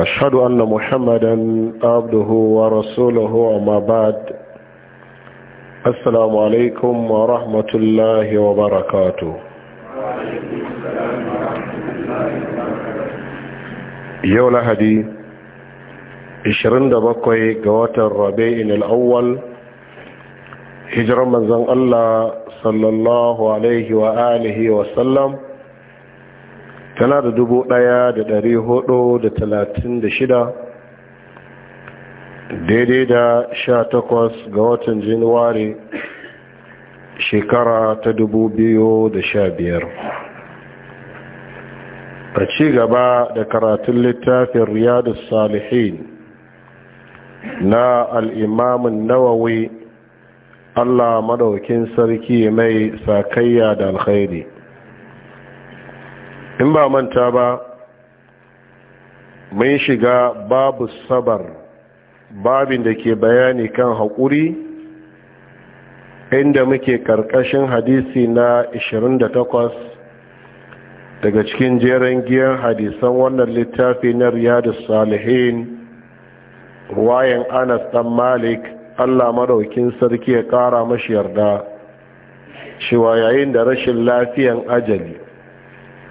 واشهد ان محمدا عبده ورسوله اما بعد السلام عليكم ورحمه الله وبركاته yau lahadi 27 ga watan rabi'in al'awwal hijirar manzon Allah sallallahu alaihi tana da dubu ɗaya da ɗari hudu da talatin da shida daidai da sha takwas ga watan januwari shekara ta dubu biyu da sha biyar a ci gaba da karatun littafin riyadu salihin na al'imamin nawawi allah madaukin sarki mai sakayya da alkhairi in ba manta ba mun shiga babu sabar babin da ke bayani kan haƙuri inda muke ƙarƙashin hadisi na 28 daga cikin jerin giyan hadisan wannan littafi na riyadu salihin wayan anas ɗan malik allah maɗaukin sarki ya ƙara mashi yarda cewa yayin da rashin lafiyan ajali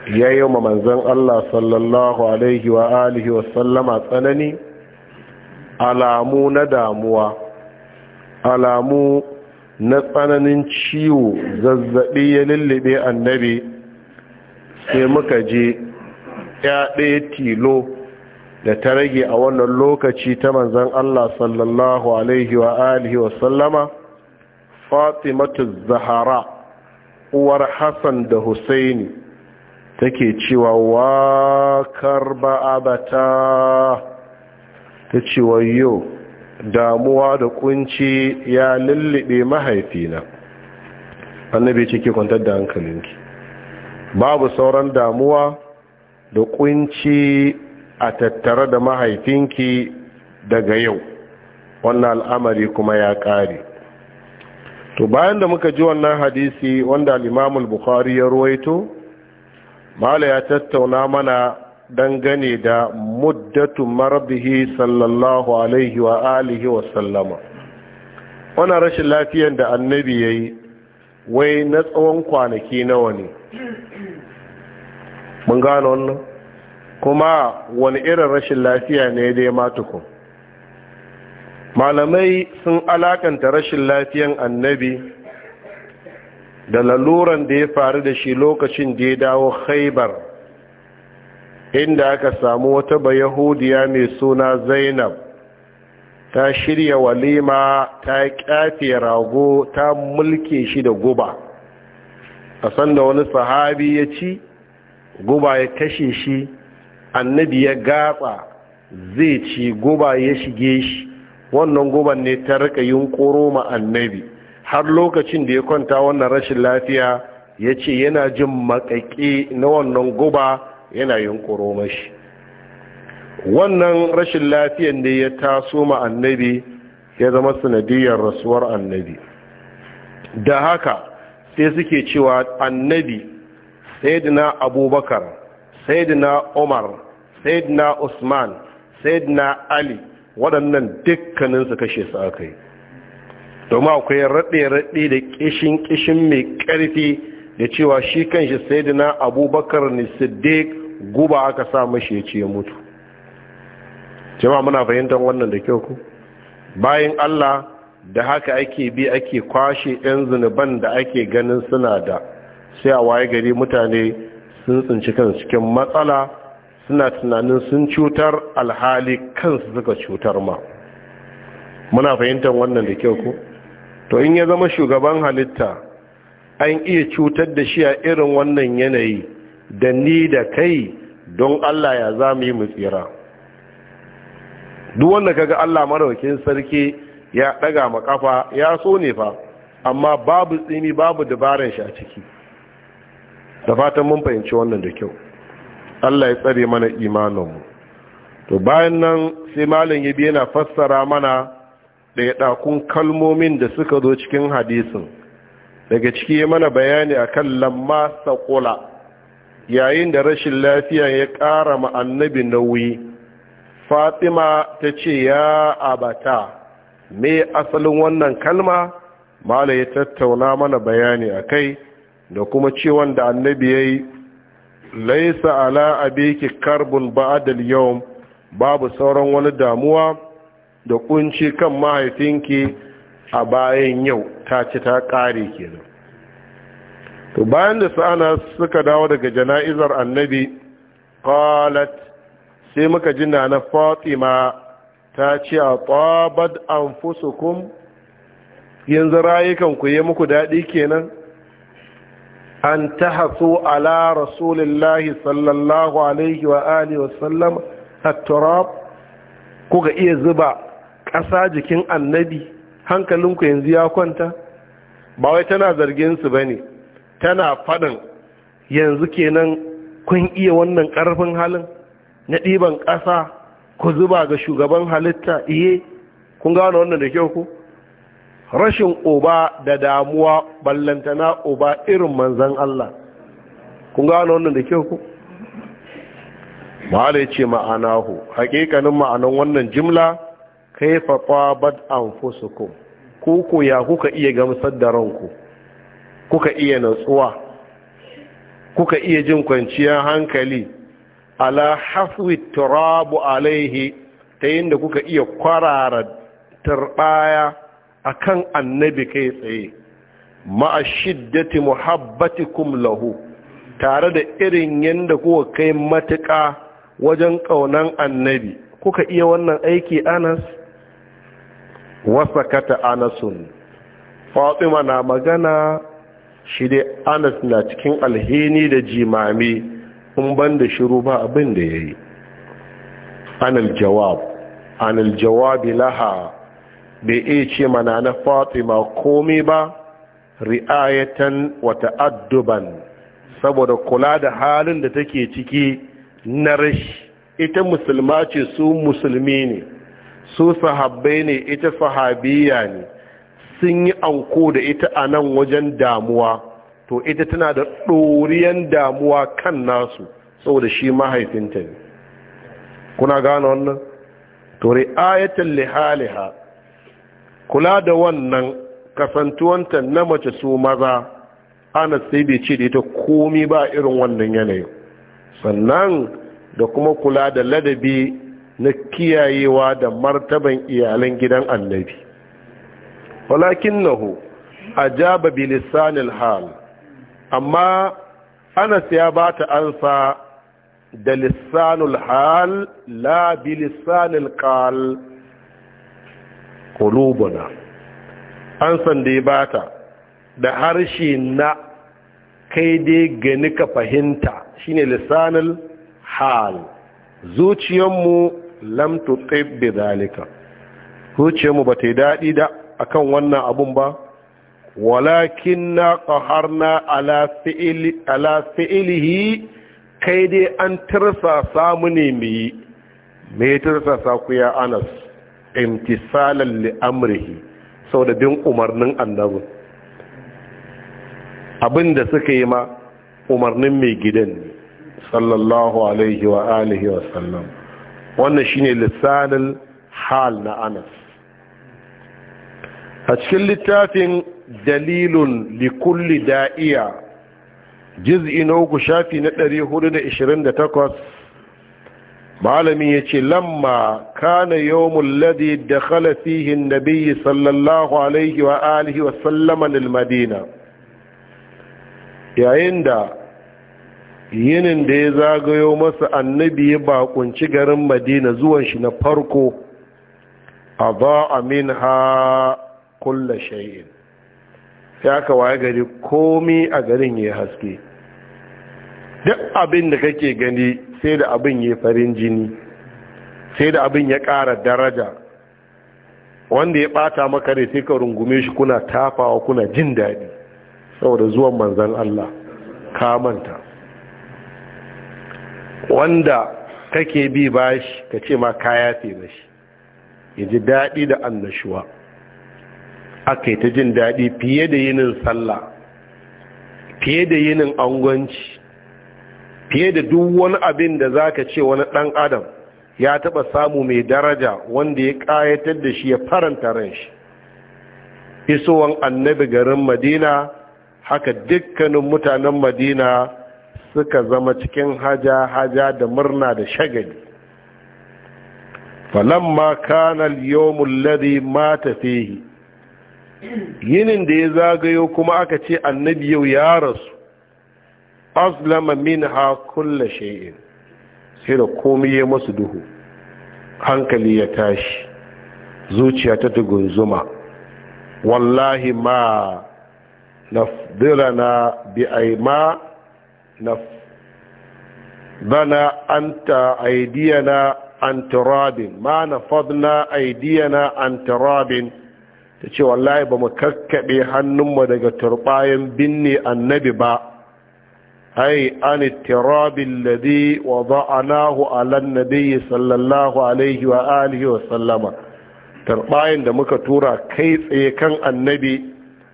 ya yi wa manzan Allah sallallahu alaihi wa alihi wa sallama tsanani alamu na damuwa alamu na tsananin ciwo zazzaɓi ya lullube annabi sai muka je ya ɗaya tilo da ta rage a wannan lokaci ta manzan Allah sallallahu alaihi wa alihi wa sallama fatimatu zahara uwar hassan da Hussaini. take cewa wa karba abata ta cewa yo damuwa da kunci ya lullube mahaifina annabi ce ke kwantar da hankalinki babu sauran damuwa da kunci a tattara da mahaifinki daga yau wannan al'amari kuma ya ƙare to bayan da muka ji wannan hadisi wanda al'imamul bukhari ya ruwaito mala ya tattauna mana dangane da muddatu marbihi sallallahu alaihi wa alihi wa sallama wannan rashin lafiyan da annabi ya yi wai na tsawon kwanaki nawa ne mun gano wannan kuma wani irin rashin lafiya ne dai matukun malamai sun alakanta rashin lafiyar annabi da laluran da ya faru da shi lokacin da ya dawo khaibar inda aka samu wata bayahudiya mai suna zainab ta shirya walima ta kyafe rago ta mulke shi da guba a sanda wani sahabi ya ci guba ya kashe shi annabi ya gaba zai ci guba ya shige shi wannan guban ne ta rika yin koro ma annabi har lokacin da ya kwanta wannan rashin lafiya ya ce yana jin makaƙi na wannan guba yana yunkuro mashi wannan rashin lafiyan ne ya taso ma annabi ya zama sanadiyar rasuwar annabi da haka sai suke cewa annabi sayyidina abubakar sayyidina umar sayyidina usman sayyidina ali waɗannan dukkaninsu kashe su aka yi domin akwai raɗe-raɗe da ƙishin-ƙishin mai ƙarfi da cewa shi kan shi sai da na abubakar ne siddiq guba aka sa mashi ya ce mutu jama'a muna fahimtar wannan da kyau ku bayan allah da haka ake bi ake kwashe 'yan zunuban da ake ganin suna da sai a waye gari mutane sun tsinci kan cikin matsala suna tunanin sun cutar alhali kansu suka cutar ma muna fahimtar wannan da kyau ku to in ya zama shugaban halitta an iya cutar da shi a irin wannan yanayi da ni da kai don Allah ya za mu yi mu tsira duk wanda kaga Allah maraukin sarki ya daga makafa ya so ne fa amma babu tsini babu dabaran shi a ciki da fatan mun fahimci wannan da kyau Allah ya tsare mana imanin mu to bayan nan sai malam yabi yana fassara mana ɗaiɗakun kalmomin da suka zo cikin hadisin daga ciki mana bayani akan lamma saƙula yayin da rashin lafiya ya ƙara ma annabi nauyi fatima ta ce ya abata me asalin wannan kalma mala ya tattauna mana bayani a kai da kuma ciwon da annabi ya yi laisa ala abiki karbun ba'adal yau babu sauran wani damuwa da kunci kan mahaifinki a bayan yau ta ci ta ƙare kenan to bayan da sa'ana suka dawo daga jana'izar annabi qalat sai muka ji na fatima ta ce a tsabad fusukun yanzu rayukan ku yi muku daɗi kenan an ta haso ala rasulillahi sallallahu alaihi wa alihi wasallam a turab kuka iya zuba ƙasa jikin annabi hankalinku yanzu ya kwanta ba wai tana zargin su ba ne, tana faɗin yanzu kenan kun iya wannan ƙarfin halin na ɗiban ƙasa ku zuba ga shugaban halitta iye kun gano wannan da kyau ku rashin uba da damuwa ballantana uba irin manzan Allah kun gano wannan da kyau ku ma'ala ce ma'anahu hakikanin ma'anan wannan jimla kaifa tabat anfusukum ku ku ya kuka iya gamsar da ranku kuka iya natsuwa kuka iya jin kwanciyar hankali ala hafi turabu alaihi ta yin kuka iya kwarara turbaya kan annabi kai tsaye ma'a shiddati muhabbatikum lahu tare da irin yadda kuka kai matuƙa wajen ƙaunan annabi kuka iya wannan aiki anas Kata anasun fatima na magana shi dai anas na cikin alheni da jimami in ban da shiru ba abin da ya yi anal jawab anal laha bai iya ce mana na fatima komai ba ri'ayatan wa adduban saboda kula da halin da take ciki na rashi ita musulma ce su musulmi ne su sahabbai ne ita sahabiya ne sun yi anko da ita a nan wajen damuwa to ita tana da ɗoriyan damuwa kan nasu saboda shi mahaifinta ne kuna gane wannan to ri'ayatan lihaliha kula da wannan kasantuwanta na mace su maza ana sai bai ce da ita komi ba irin wannan yanayin sannan da kuma kula da ladabi na kiyayewa da martaban iyalan gidan annabi walakin nahu ajaba bi lisanil hal amma ana siya ba ta ansa da lisanul hal la bi lisanil qal qulubuna ansan da ya ta, da harshe na kai dai gani ka fahimta shine lissanin hal zuciyanmu lam tutib bi zalika ce mu bata ta dadi da akan wannan abun ba walakin na qaharna ala fi'li ala fi'lihi kai dai an tirsa samu ne mu yi me tirsa sa ku ya Anas imtisalan li amrihi saboda bin umarnin annabi abin da suka yi ma umarnin mai gidan sallallahu alaihi wa alihi wa sallam wannan shine lissanin hal na anas a cikin littafin dalilun likulli da'iya jiz'i na uku shafi na 428 malami ya ce lamma kana yawon ladi da khalafihin nabiyyi sallallahu alaihi wa alihi wasallama lil madina yayin da yinin da ya zagayo masa annabi ya bakunci garin madina zuwan shi na farko a ba a min ha kulla shayin ya kawo ya gari komi a garin ya haske duk abin da kake gani sai da abin ya farin jini sai da abin ya kara daraja wanda ya bata maka ne sai ka rungume shi kuna tafawa kuna jin daɗi saboda zuwan manzan Allah ka manta wanda kake bi bashi ka ce ma kaya fi bashi ya ji daɗi da annashuwa aka yi ta jin daɗi fiye da yinin sallah fiye da yinin angonci fiye da duk wani abin da za ka ce wani ɗan adam ya taɓa samu mai daraja wanda ya ƙayatar da shi ya faranta ran shi isowan annabi garin madina haka dukkanin mutanen madina suka zama cikin haja haja da murna da shagali falamma kana al-yawmul ladhi mata fihi yinin da ya zagayo kuma aka ce annabi yau ya rasu azlama minha kullu shay'in sai da komai ya masu duhu hankali ya tashi zuciya ta tugunzuma wallahi ma nafdirana bi aima naf bana anta aidiyana an turabin ma na fadna aidiyana an turabin ta ce wallahi ba mu kakkaɓe hannunmu daga turbayan binne annabi ba Hai an turabin ladi wa za'anahu alan nabiyyi sallallahu alaihi wa alihi wa sallama turbayan da muka tura kai tsaye kan annabi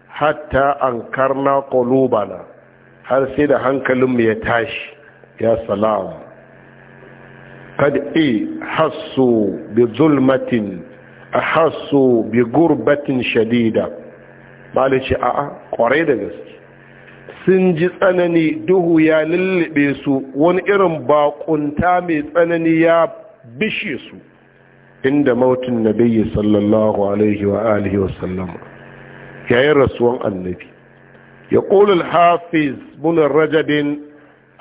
hatta an karna qulubana har sai da hankalinmu ya tashi ya salam kad i hasu bi zulmatin a hasu bi gurbatin shadida malice a'a kwarai da gaske sun ji tsanani duhu ya lullube su wani irin bakunta mai tsanani ya bishe su inda mautin nabi sallallahu alaihi wa alihi wasallam yayin rasuwan annabi يقول الحافظ بن الرجب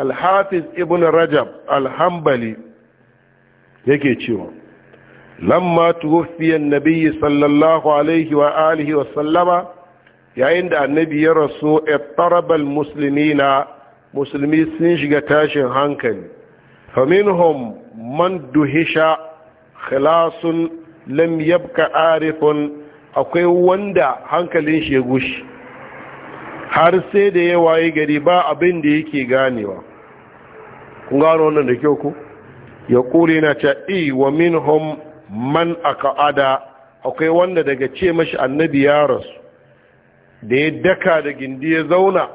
الحافظ ابن رجب الحنبلي yake cewa lamma tuwaffiya annabi sallallahu alaihi wa alihi wa sallama yayin da annabi ya rasu ittarabal muslimina musulmi sun shiga tashin hankali faminhom man duhisha khilasun lam yabka arifun akwai wanda hankalin shi ya gushi har sai da ya waye gari ba abin da yake ganewa kun gano wannan da kyau ku ya kuli na ta i wa minhum man aka ada akwai wanda daga ce mashi annabi ya rasu da ya daka da gindi ya zauna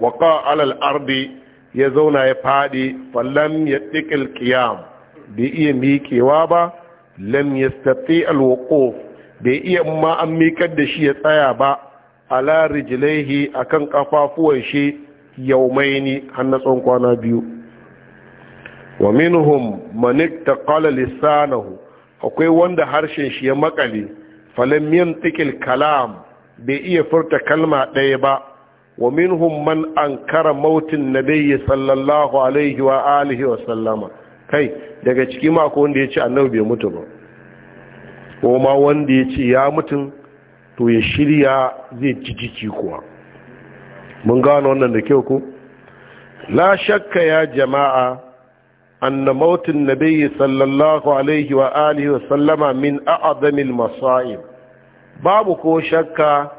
wa alal arbi ya zauna ya fadi fallam ya tikil qiyam bai iya miƙewa ba lam yastati al wuquf bai iya ma an miƙar da shi ya tsaya ba ala rijlaihi akan kafafuwan shi yaumaini har tsawon kwana biyu wa minhum man taqala lisanahu akwai wanda harshen shi ya makale falam yantiqil kalam bai iya furta kalma ɗaya ba wa minhum man ankara mautin nabiyyi sallallahu alaihi wa alihi wa sallama kai daga ciki ma ko wanda ya ce annabi bai mutu ba ko ma wanda ya ce ya mutum to ya shirya zai ci jiki kuwa mun gano wannan da kyau ku la shakka ya jama'a anna mautin nabiyyi sallallahu alaihi wa alihi wa sallama min a'zamil masa'ib babu ko shakka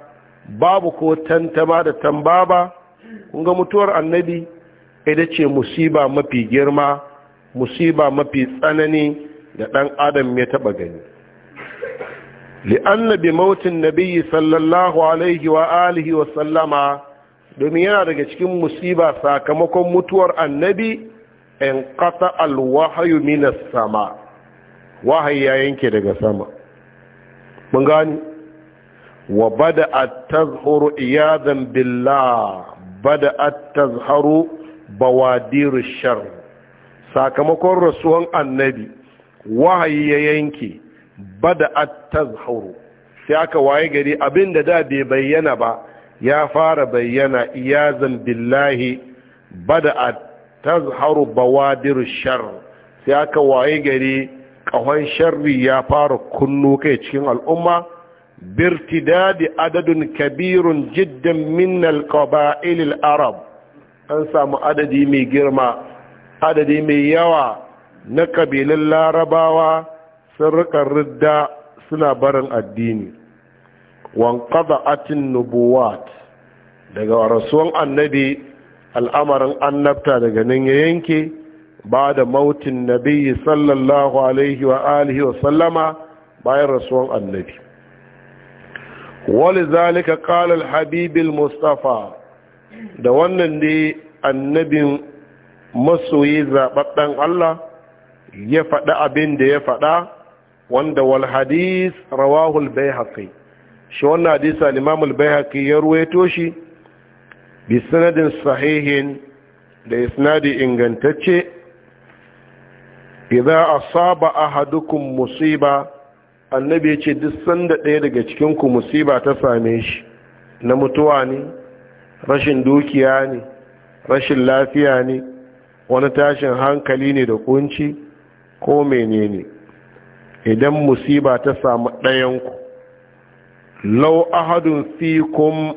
babu ko tantama da tambaba kun ga mutuwar annabi ita ce musiba mafi girma musiba mafi tsanani da ɗan adam ya taɓa gani li'anna bi mautin nabiyyi sallallahu domin yana daga cikin musiba sakamakon mutuwar annabi in qata al wahyu min sama wahayi yanke daga sama mun gani wa bada'at tazhuru iyadan billah bada'at tazharu bawadir shar sakamakon rasuwan annabi wahayi ya yanke bada'at tazhuru sai aka waye gari abinda da da bai bayyana ba ya fara bayyana iyazan billahi bada'at ba bawadir shar sai aka waye gari kahon sharri ya fara kunno kai cikin al'umma birtidadi adadun kabirun jiddan min al-qaba'il arab an samu adadi mai girma adadi mai yawa na kabilan larabawa sun rika ridda suna barin addini wanqada atin nubuwat daga rasuwan annabi al'amarin annabta daga nan ya yanke ba da mautin nabi sallallahu alaihi wa alihi wa sallama bayan rasuwan annabi wali zalika qala habibin habibil mustafa da wannan ne annabin masoyi zababben Allah ya faɗi abin da ya faɗa wanda wal hadis rawahul bayhaqi shi wannan hadisi al-imam al ya ruwaito shi bi sanadin sahihin da isnadi ingantacce idza asaba ahadukum musiba annabi ya ce duk sanda ɗaya daga cikin ku musiba ta same shi na mutuwa ne rashin dukiya ne rashin lafiya ne wani tashin hankali ne da kunci ko menene idan musiba ta samu ɗayanku lau ahadun fikum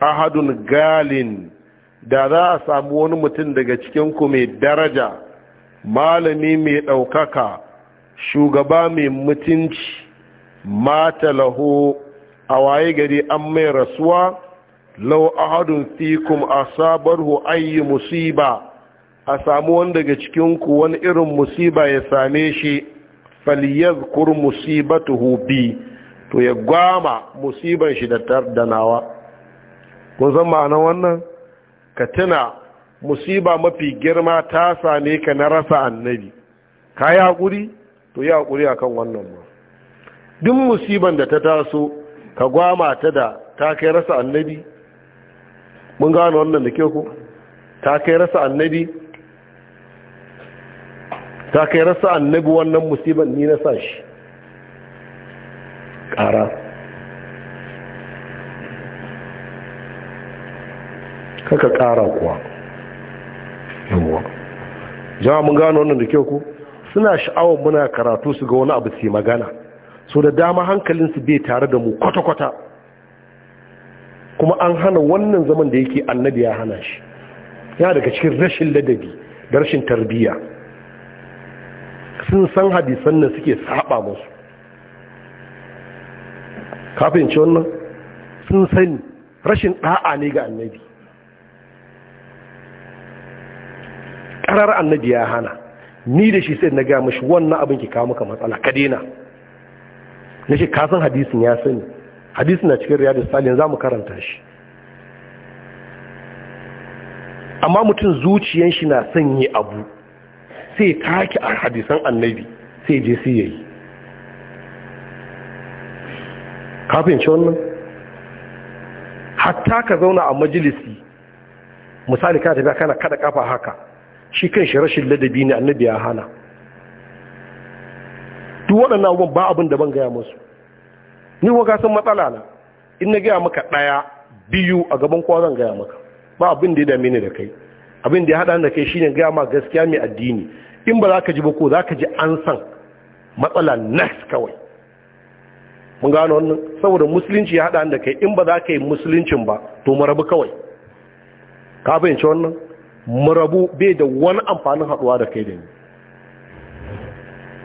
ahadun galin da za a samu wani mutum daga cikinku mai daraja malami mai ɗaukaka shugaba mai mutunci mata laho a waye gari an mai rasuwa lau ahadun fikum hu ayi musiba a samu wani daga cikinku wani irin musiba ya same shi فليذكر مصيبته بي تو ya gwama musiban shi da nawa kun san ma'anar wannan ka tuna musiba mafi girma ta same ka na rasa annabi ka yi haƙuri to yi haƙuri a kan wannan ma duk musiban da ta taso ka gwama ta da ta kai rasa annabi mun gano wannan da ke ku ta kai rasa annabi ta kai rasa annabi wannan musibar ni na sa shi ƙara kaka ƙara kuwa yawwa jama'a mun gano wannan da kyau ku suna sha'awar muna karatu su ga wani abu su magana so da dama hankalinsu bai tare da mu kwata-kwata kuma an hana wannan zaman da yake annabi ya hana shi ya daga cikin rashin ladabi da rashin tarbiyya sun san hadisan nan suke saba musu kafin ci wannan sun sani rashin da'a ne ga annabi karar annabi ya hana ni da shi sai na ga mashi wannan abin ki kawo maka matsala ka dena na shi ka san hadisin ya sani hadisin na cikin riyadu salin za mu karanta shi amma mutum zuciyan shi na sanye abu sai taki a hadisan annabi sai je sai yayi kafin shi wannan hatta ka zauna a majalisi misali ka tafiya kana kada kafa haka shi kan shi rashin ladabi ne annabi ya hana duk waɗannan abubuwan ba abin da ban gaya musu ni wa san matsala na in na gaya maka ɗaya biyu a gaban kowa gaya maka ba abin da ya dame ni da kai abin da ya haɗa da kai shine gaya ma gaskiya mai addini in ba za ka ji ba za ka ji an san matsala nas kawai mun gano wannan saboda musulunci ya haɗa da kai in ba za ka yi musuluncin ba to mu kawai ka fahimci wannan mu bai da wani amfanin haɗuwa da kai da ni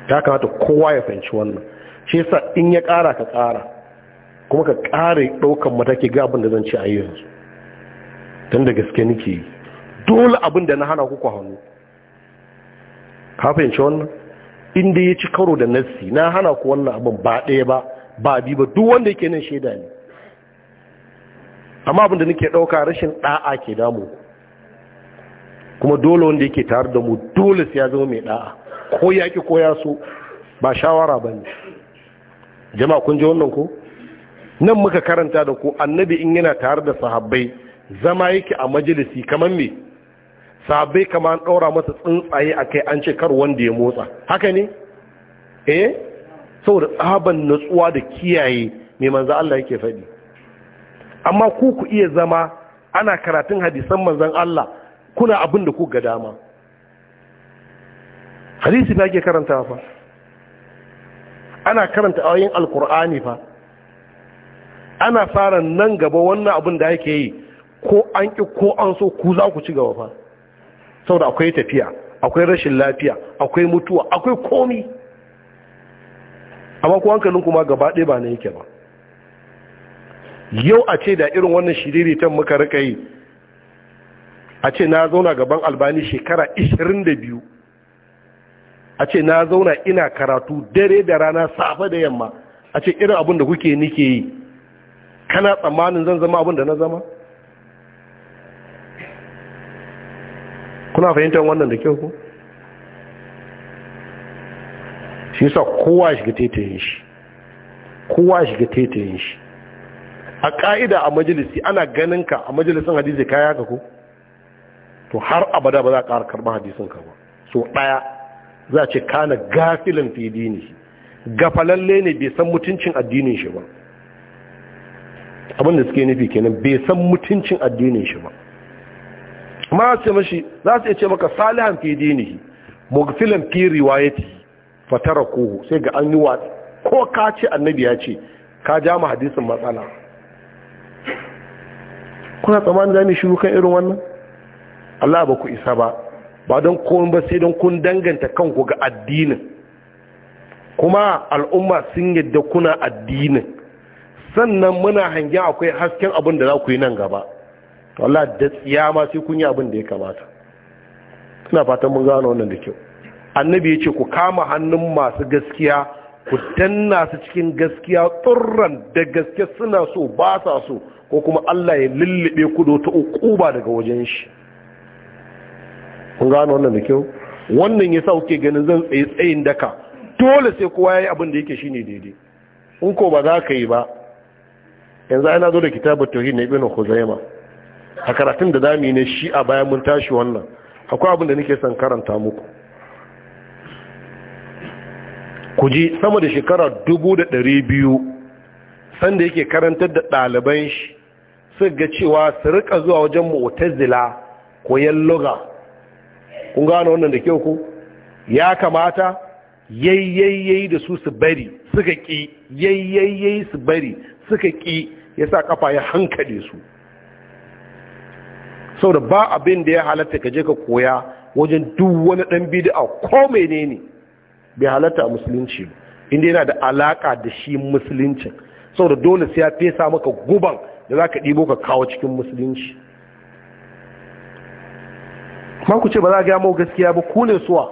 ya kamata kowa ya fahimci wannan shi yasa in ya ƙara ka ƙara kuma ka ƙare ɗaukar mataki ga abin da zan ci a yanzu tun da gaske nake yi dole abin da na hana kuku hannu ka fahimci wannan inda ya ci karo da nassi na hana ku wannan abin ba ɗaya ba ba bi ba duk wanda yake nan shaida ne amma abin da nake ɗauka rashin ɗa'a ke damu kuma dole wanda yake tare da mu dole sai ya zama mai ɗa'a ko ya ki ko ya so ba shawara ba ne jama'a kun ji wannan ko nan muka karanta da ku annabi in yana tare da sahabbai zama yake a majalisi kamar me sahabbai kama an ɗaura masa tsuntsaye a kai an ce kar wanda ya motsa haka ne eh saboda tsaban natsuwa da kiyaye mai manza Allah yake faɗi amma ku ku iya zama ana karatun hadisan manzan Allah kuna abin da ku ga dama hadisi ba ke karanta fa ana karanta ayoyin alkur'ani fa ana fara nan gaba wannan abin da yake yi ko an ki ko an so ku za ku ci gaba fa saboda akwai tafiya akwai rashin lafiya akwai mutuwa akwai komi amma kuwa hankalin kuma gaba ɗaya ba na yake ba yau a ce da irin wannan ta muka rika yi a ce na zauna gaban albani shekara 22 a ce na zauna ina karatu dare da rana safe da yamma a ce irin abin da kuke nike yi kana tsammanin zan zama abin da na zama kuna fahimtar wannan da kyau ko shi sa kowa shiga taitayin shi kowa shiga taitayin shi a ka'ida a majalisi ana ganin ka a majalisin hadisi ka ka ko to har abada ba za a ƙara karɓar hadisin ka ba so ɗaya za a ce kana gafilin fi dini gafalalle ne bai san mutuncin addinin shi ba abinda suke nufi kenan bai san mutuncin addinin shi ba ma ce mashi za su ce maka salihan fi dinihi mughfilan fi riwayati fatarakuhu sai ga an yi wa ko ka ce annabi ya ce ka ja mu hadisin matsala kuna tsammanin za mu shiru kan irin wannan Allah ba ku isa ba ba don komai ba sai don kun danganta kanku ga addinin kuma al'umma sun yadda kuna addinin sannan muna hangen akwai hasken abin da za ku yi nan gaba Allah da tsiya ma sai kun yi abin da ya kamata ina fatan mun gano wannan da kyau annabi ya ce ku kama hannun masu gaskiya ku danna su cikin gaskiya tsurran da gaske suna so ba sa so ko kuma Allah ya lullube ku da wata ukuba daga wajen shi kun gano wannan da kyau wannan ya sa kuke ganin zan tsaye tsayin daka dole sai kowa ya yi abin da yake shine daidai in ko ba za ka yi ba yanzu ana zo da kitabar tauhid na ibn khuzaimah a karatun da dami ne shi a bayan mun tashi wannan akwai abin da nake son karanta muku ku ji sama da shekara dubu biyu sanda yake karantar da ɗaliban shi su ga cewa su rika zuwa wajen mu'tazila koyan luga kun gano wannan da kyau ku ya kamata yayyayyayi da su su bari suka ƙi yayyayyayi su bari suka ƙi ya sa kafa ya hankali su saboda ba abin da ya halatta ka je ka koya wajen duk wani ɗan bid'a ko ne bai halatta a musulunci inda yana da alaka da shi musuluncin saboda dole sai ya fesa maka guban da zaka ɗibo ka kawo cikin musulunci ma ku ce ba za a gaya mau gaskiya ba ku ne suwa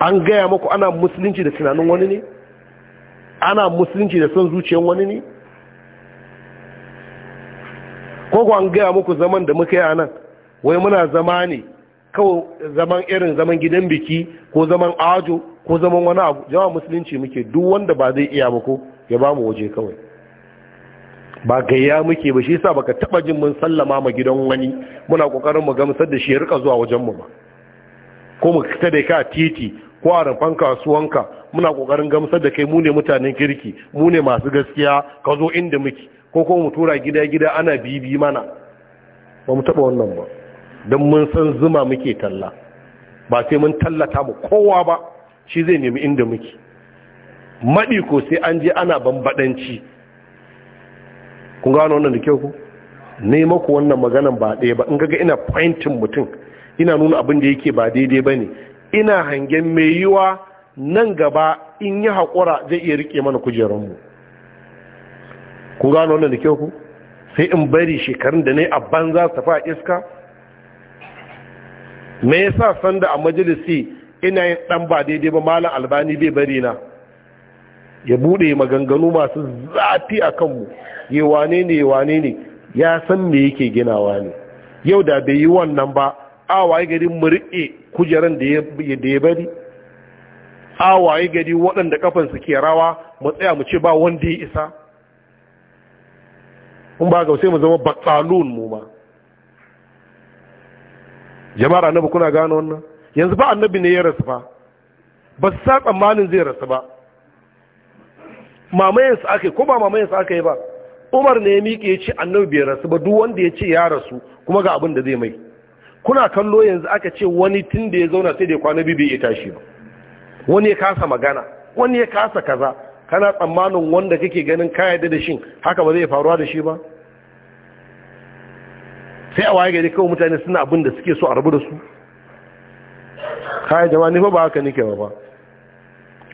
an gaya maku ana musulunci da tunanin wani ne ana musulunci da son zuciyar wani ne ko ku an gaya muku zaman da muka yi a nan wai muna zama ne kawai zaman irin zaman gidan biki ko zaman ajo ko zaman wani abu jama'a musulunci muke duk wanda ba zai iya ba ko ya ba mu waje kawai ba gayya muke ba shi yasa baka taba jin mun sallama ma gidan wani muna kokarin mu gamsar da shi ya rika zuwa wajen mu ba ko mu fita da ka titi ko a rufan kasuwanka muna kokarin gamsar da kai mu ne mutanen kirki mu ne masu gaskiya ka zo inda muke ko kuma mu tura gida-gida ana bibi mana ba mu taɓa wannan ba don mun san zuma muke talla ba sai mun tallata mu kowa ba shi zai nemi inda muke maɗi ko sai an je ana bambaɗanci kun gano wannan da kyau ku nema ku wannan maganan ba ɗaya ba in gaga ina pointin mutum ina nuna abin da yake ba daidai ba ne ina hangen mai yiwa nan gaba in yi haƙura zai iya riƙe mana kujerunmu kun gano wannan da kyau ku sai in bari shekarun da ne a banza su tafi iska me yasa sanda a majalisi ina yin dan ba daidai ba malam albani bai bari na ya bude maganganu masu zafi a kanmu ya wane ne ya wane ne ya san me yake ginawa ne yau da bai yi wannan ba a waye gari mu riƙe kujeran da ya bari a waye gari waɗanda kafansu ke rawa mu tsaya mu ce ba wanda ya isa in ba ga sai mu zama batsalun mu ma jama'ar annabi kuna gano wannan yanzu ba annabi ne ya rasu ba ba su sa tsammanin zai rasu ba mamayensa aka yi ko ba mamayensa aka yi ba umar ne ya miƙe ya ce annabi bai rasu ba duk wanda ya ce ya rasu kuma ga abin da zai mai kuna kallo yanzu aka ce wani tun da ya zauna sai da ya kwana biyu bai tashi ba wani ya kasa magana wani ya kasa kaza kana tsammanin wanda kake ganin ka da shi haka ba zai faruwa da shi ba sai a waye gari kawai mutane suna abin da suke so a rabu da su kayan jama'a ne fa ba haka nike ba ba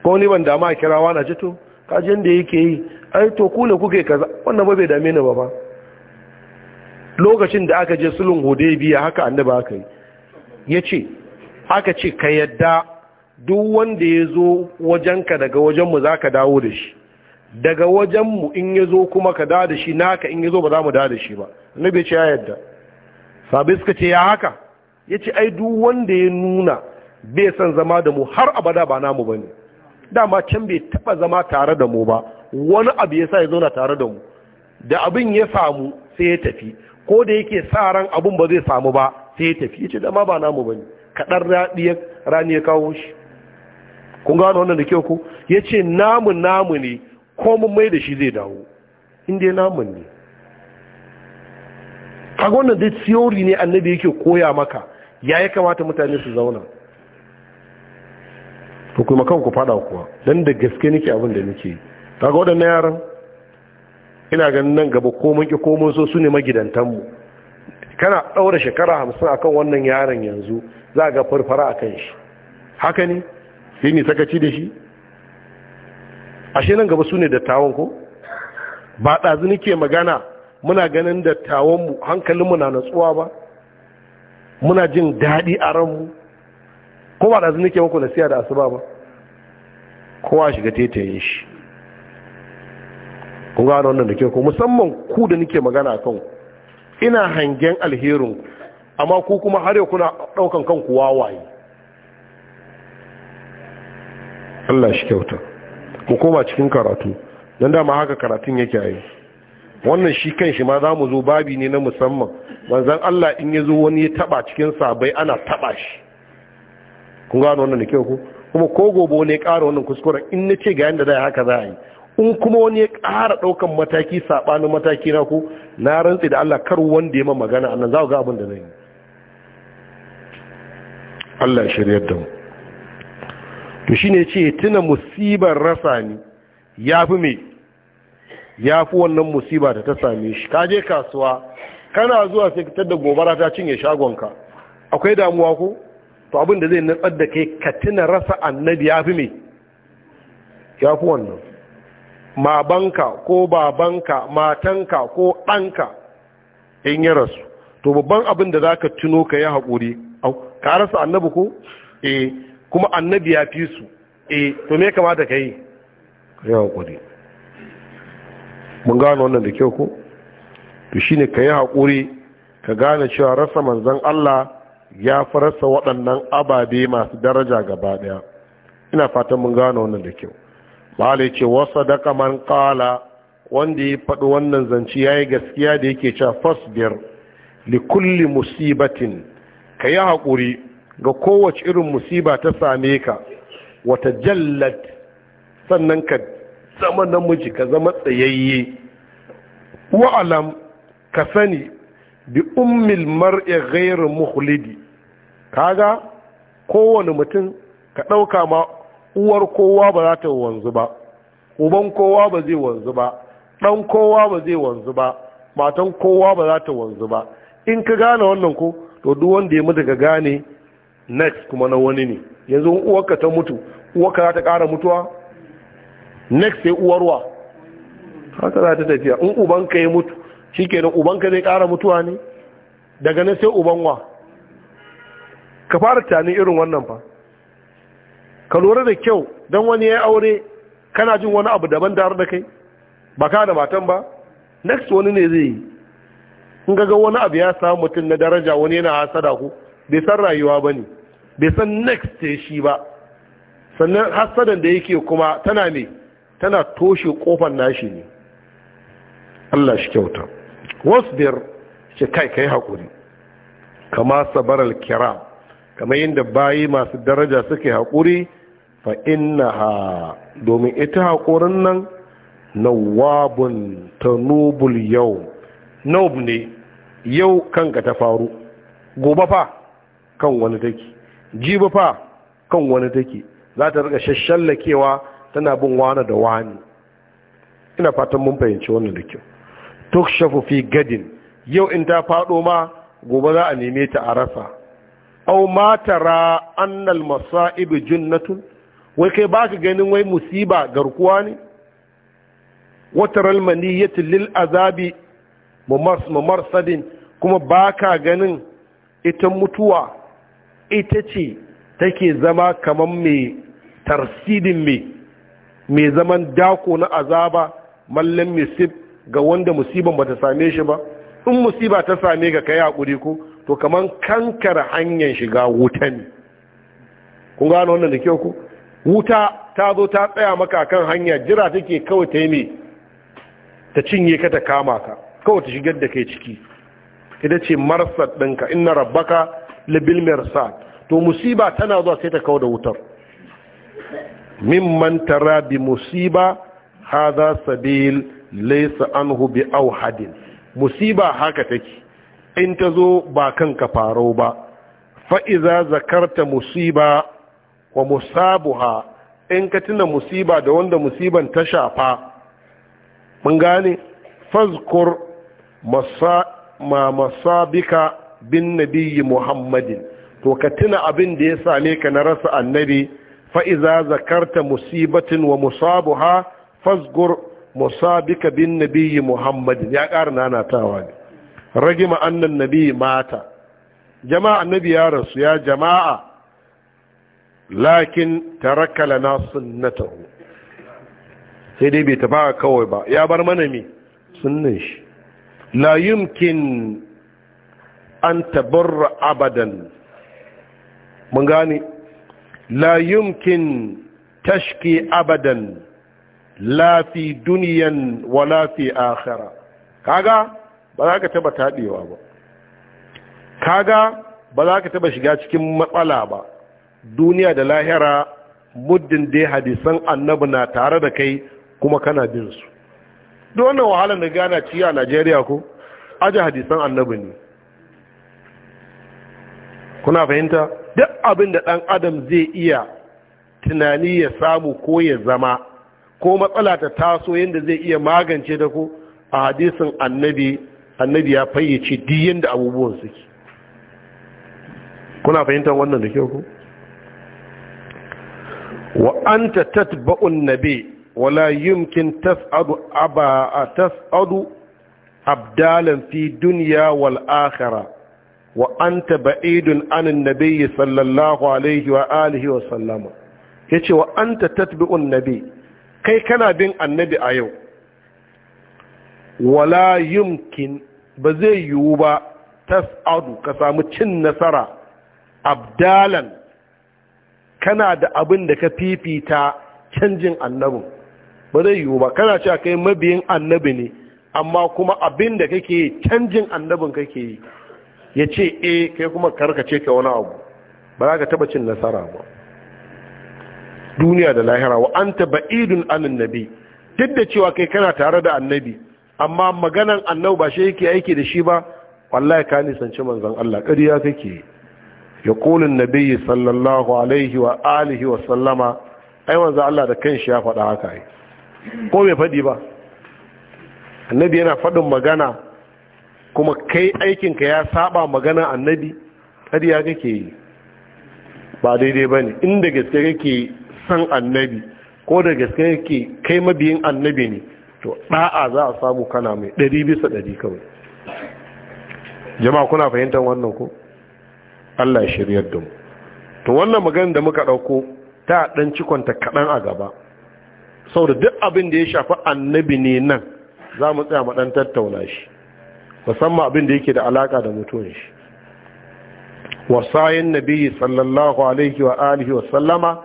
ko ni ban dama a kirawa na ce to kajin da yake yi ai to ku ne kuke kaza wannan ba bai dame ni ba ba lokacin da aka je sulhun hudaybiya haka annaba aka yi yace aka ce ka yadda duk wanda ya zo wajenka daga wajenmu za ka dawo da shi daga wajenmu in ya zo kuma ka dawo da shi naka in ya zo ba za mu dawo da shi ba bai ce ya yadda sabis ka ce ya haka ya ce ai duk wanda ya nuna bai san zama da mu har abada ba namu ba ne dama can bai taba zama tare da mu ba wani abu ya sa ya zauna tare da mu da abin ya samu sai ya tafi ko da yake sa ran abin ba zai samu ba sai ya tafi ya ce dama ba namu ba ne kaɗan rani ya kawo shi kun gano wannan da kyau ko ce namu namu ne ko mai da shi zai dawo inda ya namun ne kaga wannan zai tsiyori ne annabi yake koya maka ya yi kamata mutane su zauna ku kuma kanku fada kuwa don da gaske nake abin da nake kaga waɗannan yaran ina ganin nan gaba komai ki komai so su ne magidantanmu kana ɗaura shekara hamsin akan wannan yaran yanzu za ga farfara a kan shi haka ne shi ne sakaci da shi ashe nan gaba su ne dattawan ko ba ɗazu ke magana muna ganin dattawanmu hankalinmu na natsuwa ba muna jin daɗi a ranmu ko ba ɗazu nake muku nasiya da asuba ba kowa shiga tetayen shi kun gano wannan da ke ku musamman ku da nike magana kan ina hangen alherinku amma ku kuma har yau kuna ɗaukan kanku wawaye Allah shi kyauta ku koma cikin karatu don dama haka karatun yake yi wannan shi kan shi ma za mu zo babi ne na musamman manzan Allah in ya zo wani ya taba cikin sabai ana taba shi kun gano wannan da kyau ku kuma ko gobe wani ya ƙara wannan kuskuren in na ce ga yadda za haka za a yi in kuma wani ya ƙara ɗaukan mataki saɓanin mataki na ku na rantsi da Allah kar wanda ya ma magana annan za ga abin da zai yi Allah ya shiryar da mu to shine ce tuna musibar rasa ni mai me fi wannan musiba da ta same shi ka je kasuwa kana zuwa sai fitar da gobara ta cinye shagonka akwai damuwa ko to abin da zai natsar da kai ka tuna rasa annabi ya mai me fi wannan banka ko babanka matanka ko ɗanka in ya rasu to babban abin da za ka tuno ka yi haƙuri ka rasa annabi ko eh kuma annabi ya fi su E, to me kamata ka yi ya kuri mun gano wannan da kyau ko to shine ka yi haƙuri ka gane cewa rasa manzon Allah ya fi rasa waɗannan ababe masu daraja gaba ɗaya ina fatan mun gano wannan da kyau malai ce wasa daga man kala wanda ya faɗi wannan zance ya yi gaskiya da yake cewa fasbir li kulli musibatin ka yi haƙuri ga kowace irin musiba ta same ka wata jallat sannan ka zama namiji ka zama tsayayye wa'alam ka sani bi ummil mar'i ghairu muhlidi kaga kowane mutum ka ɗauka ma uwar kowa ba za ta wanzu ba uban kowa ba zai wanzu ba dan kowa ba zai wanzu ba matan kowa ba za ta wanzu ba in ka gane wannan ko to duk wanda ya mutu ka gane next kuma na wani ne yanzu uwarka ta mutu uwarka za ta ƙara mutuwa next sai uwarwa haka za ta tafiya in ubanka ya mutu shi ke uban ubanka zai ƙara mutuwa ne daga nan sai ubanwa ka fara tani irin wannan fa ka lura da kyau don wani ya aure kana jin wani abu daban da da kai ba ka da matan ba next wani ne zai yi in ga wani abu ya samu mutum na daraja wani yana hasada ku bai san rayuwa ba ne bai san next ta shi ba sannan hasadan da yake kuma tana ne tana toshe kofar nashi ne Allah shi kyauta wasbir shi kai kai haƙuri kama sabaral kira. Kama yadda bayi masu daraja suke haƙuri fa ha domin ita haƙurin nan nawabun nobul yau nob ne yau kanka ta faru gobe fa kan wani take jibi fa kan wani take za ta rika shashallakewa tana bin wani da wani ina fatan mun fahimci wannan da kyau shafu fi gadin yau in ta fado ma gobe za a neme ta a rasa au ma tara annal masa'ib junnatun wai kai baka ganin wai musiba garkuwa ne wataral maniyatu lil azabi mumars mumarsadin kuma baka ganin ita mutuwa ita ce take zama kamar mai tarsidin mai mai zaman dako na azaba mallan musib ga wanda ba ta same shi ba in musiba ta same ga kai hakuri ko to kaman kankar hanyar shiga wuta ne kun gano wannan da kyau ku wuta ta zo ta tsaya maka kan hanya jira take kawai ta yi mai ta cinye ka ta kama ka kawai ta shigar da kai ciki ita ce marsar ɗinka inna rabbaka labil mirsad to musiba tana zuwa sai ta kawo da wutar mimman tara bi musiba haza sabil laysa anhu bi awhadin musiba haka take in ta zo ba kanka faro ba fa iza zakarta musiba wa musabuha in ka tuna musiba da wanda musiban ta shafa mun gane fazkur ma masabika bin nabiyyi muhammadin to ka tuna abin da ya same ka na rasa annabi fa iza zakarta musibatin wa musabuha fasgur musabika bin nabiyyi muhammadin ya ƙara nanatawa ne ragima annan nabiyyi mata jama'a annabi ya rasu ya jama'a lakin taraka lana sunnatahu sai dai bai tafi kawai ba ya bar mana me sunnan shi la yumkin an tabar abadan mun gane la yumkin tashki abadan la fi duniyan wala fi akhira kaga ba za ka taba taɗewa ba kaga ba za ka taba shiga cikin matsala ba duniya da lahira muddin dai hadisan annabi na tare da kai kuma kana bin su don wannan wahalar da gana ciya a Najeriya ko aje hadisan annabi ne kuna fahimta duk abin da ɗan adam zai iya tunani ya samu ko ya zama ko matsala ta taso yadda zai iya magance da ku a hadisin annabi annabi ya fayyace diyan yadda abubuwan suke kuna fahimtar wannan da kyau ku wa ta tatba'un nabe wala yumkin tas'adu aba tas'adu abdalan fi duniya wal akhirah wa anta ba'idun anin nabiyyi sallallahu alaihi wa alihi wa sallama yace wa anta tatbi'un nabi kai kana bin annabi a yau wala yumkin ba zai yiwu ba tas'adu ka samu cin nasara abdalan kana da abin da ka fifita canjin annabin ba zai yiwu ba kana cewa kai mabiyin annabi ne amma kuma abin da kake canjin annabin kake yi ya ce e kai kuma karkace ka wani abu ba za ka taba cin nasara ba duniya da lahira wa anta ba'idun anin nabi duk da cewa kai kana tare da annabi amma maganan annabi ba shi yake aiki da shi ba wallahi ka nisanci manzon Allah ƙarya kake ya kulin nabi sallallahu alaihi wa alihi wa sallama ai manzon Allah da kanshi ya faɗa haka ko bai faɗi ba annabi yana faɗin magana kuma kai aikinka ya saba magana annabi ya kake yi ba daidai ba ne inda gaske kake san annabi ko da gaske kake kai mabiyin annabi ne to ɗa'a za a samu kana mai ɗari bisa ɗari kawai jama'a kuna fahimtar wannan ko allah shiryar da mu to wannan magana da muka ɗauko ta ɗan cikonta kaɗan a gaba sau da duk abin da ya shafi annabi ne nan za mu tsaya ma ɗan tattauna shi musamman abin da yake da alaka da mutum shi wasayin nabi sallallahu alaihi wa alihi wa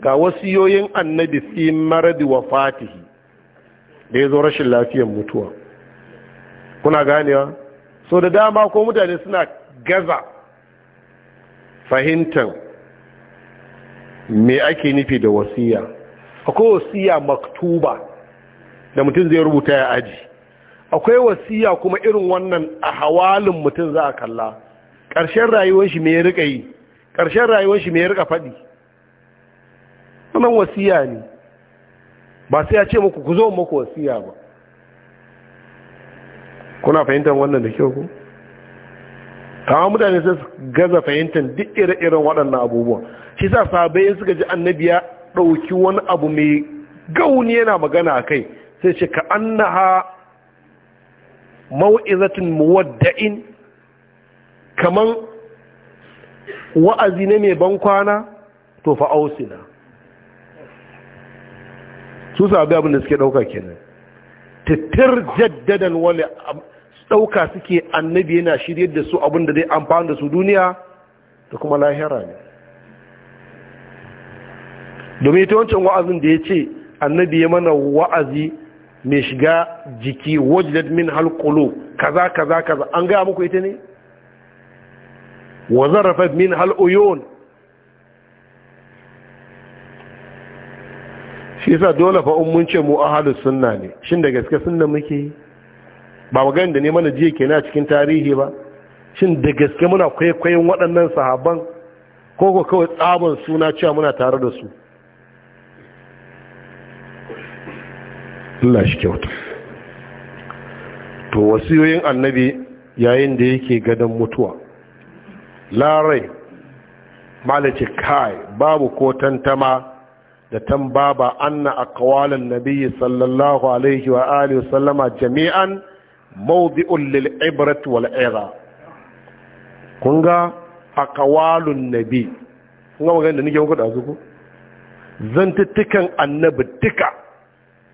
ga wasiyoyin annabi fi maradi wa fatihi da ya zo rashin lafiyar mutuwa kuna ganewa so da dama ko mutane suna gaza fahimtar me ake nufi da wasiya akwai wasiya maktuba da mutum zai rubuta ya aji akwai wasiya kuma irin wannan a hawalin mutum za a kalla ƙarshen rayuwar shi mai rika yi ƙarshen rayuwar shi mai rika faɗi wannan wasiya ne ba sai ya ce muku ku zo muku wasiya ba kuna fahimtar wannan da kyau ku kama mutane sai su gaza fahimtar duk ire-iren waɗannan abubuwan shi sa sabai suka ji annabi ya ɗauki wani abu mai gauni yana magana a kai sai ce ka annaha mau'izatin muwadda'in kaman wa'azi ne mai ban kwana to fa su sabi abin da suke dauka kenan titir jaddadan wani dauka suke annabi yana shiryar da su abin da zai amfani da su duniya da kuma lahira ne domin ita wancan wa'azin da ya ce annabi ya mana wa'azi Me shiga jiki wajidat min halkulu kaza kaza kaza an ga muku ita ne wa zarafa min haluyun shi sa dole fa mun ce mu ahlus sunna ne shin da gaske sunna muke ba magana da neman mana jiya kenan a cikin tarihi ba shin da gaske muna kwaikwayon waɗannan sahabban ko ko kawai tsabon suna cewa muna tare da su Allah shi kyauta to wasiyoyin annabi yayin da yake gadon mutuwa larai malace kai babu ko tantama da tambaba anna aqwalan nabiyyi sallallahu alaihi wa alihi wa sallama jami'an mawdi'un lil ibrat wal ira kun ga aqwalun nabi kun ga maganar da nake muku da zuku zantuttukan annabi duka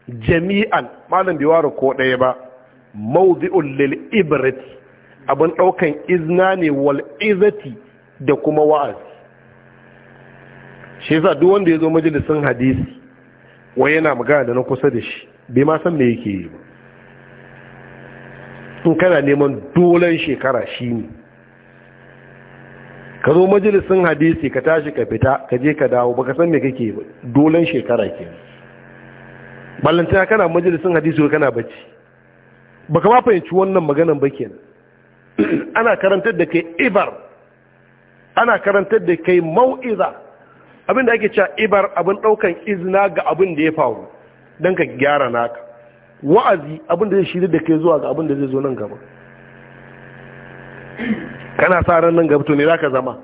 jami'an malam bai ware ko ɗaya ba mawdi'un lil ibrati abin ɗaukan izna ne wal izati da kuma wa'azi shi yasa duk wanda ya zo majalisin hadisi wai yana magana da na kusa da shi bai ma san me yake yi ba in kana neman dolan shekara shi ka zo majalisin hadisi ka tashi ka fita ka je ka dawo baka san me kake ba dolan shekara kenan ballantana kana majalisun hadisi kana bacci baka ma fahimci wannan maganan ba kenan ana karantar da kai ibar ana karantar da kai mau'iza abin da ake cewa ibar abin daukan izina ga abin da ya faru don ka gyara naka wa'azi abin da zai shirya da kai zuwa ga abin da zai zo nan gaba kana sa ran nan gaba to ne zaka zama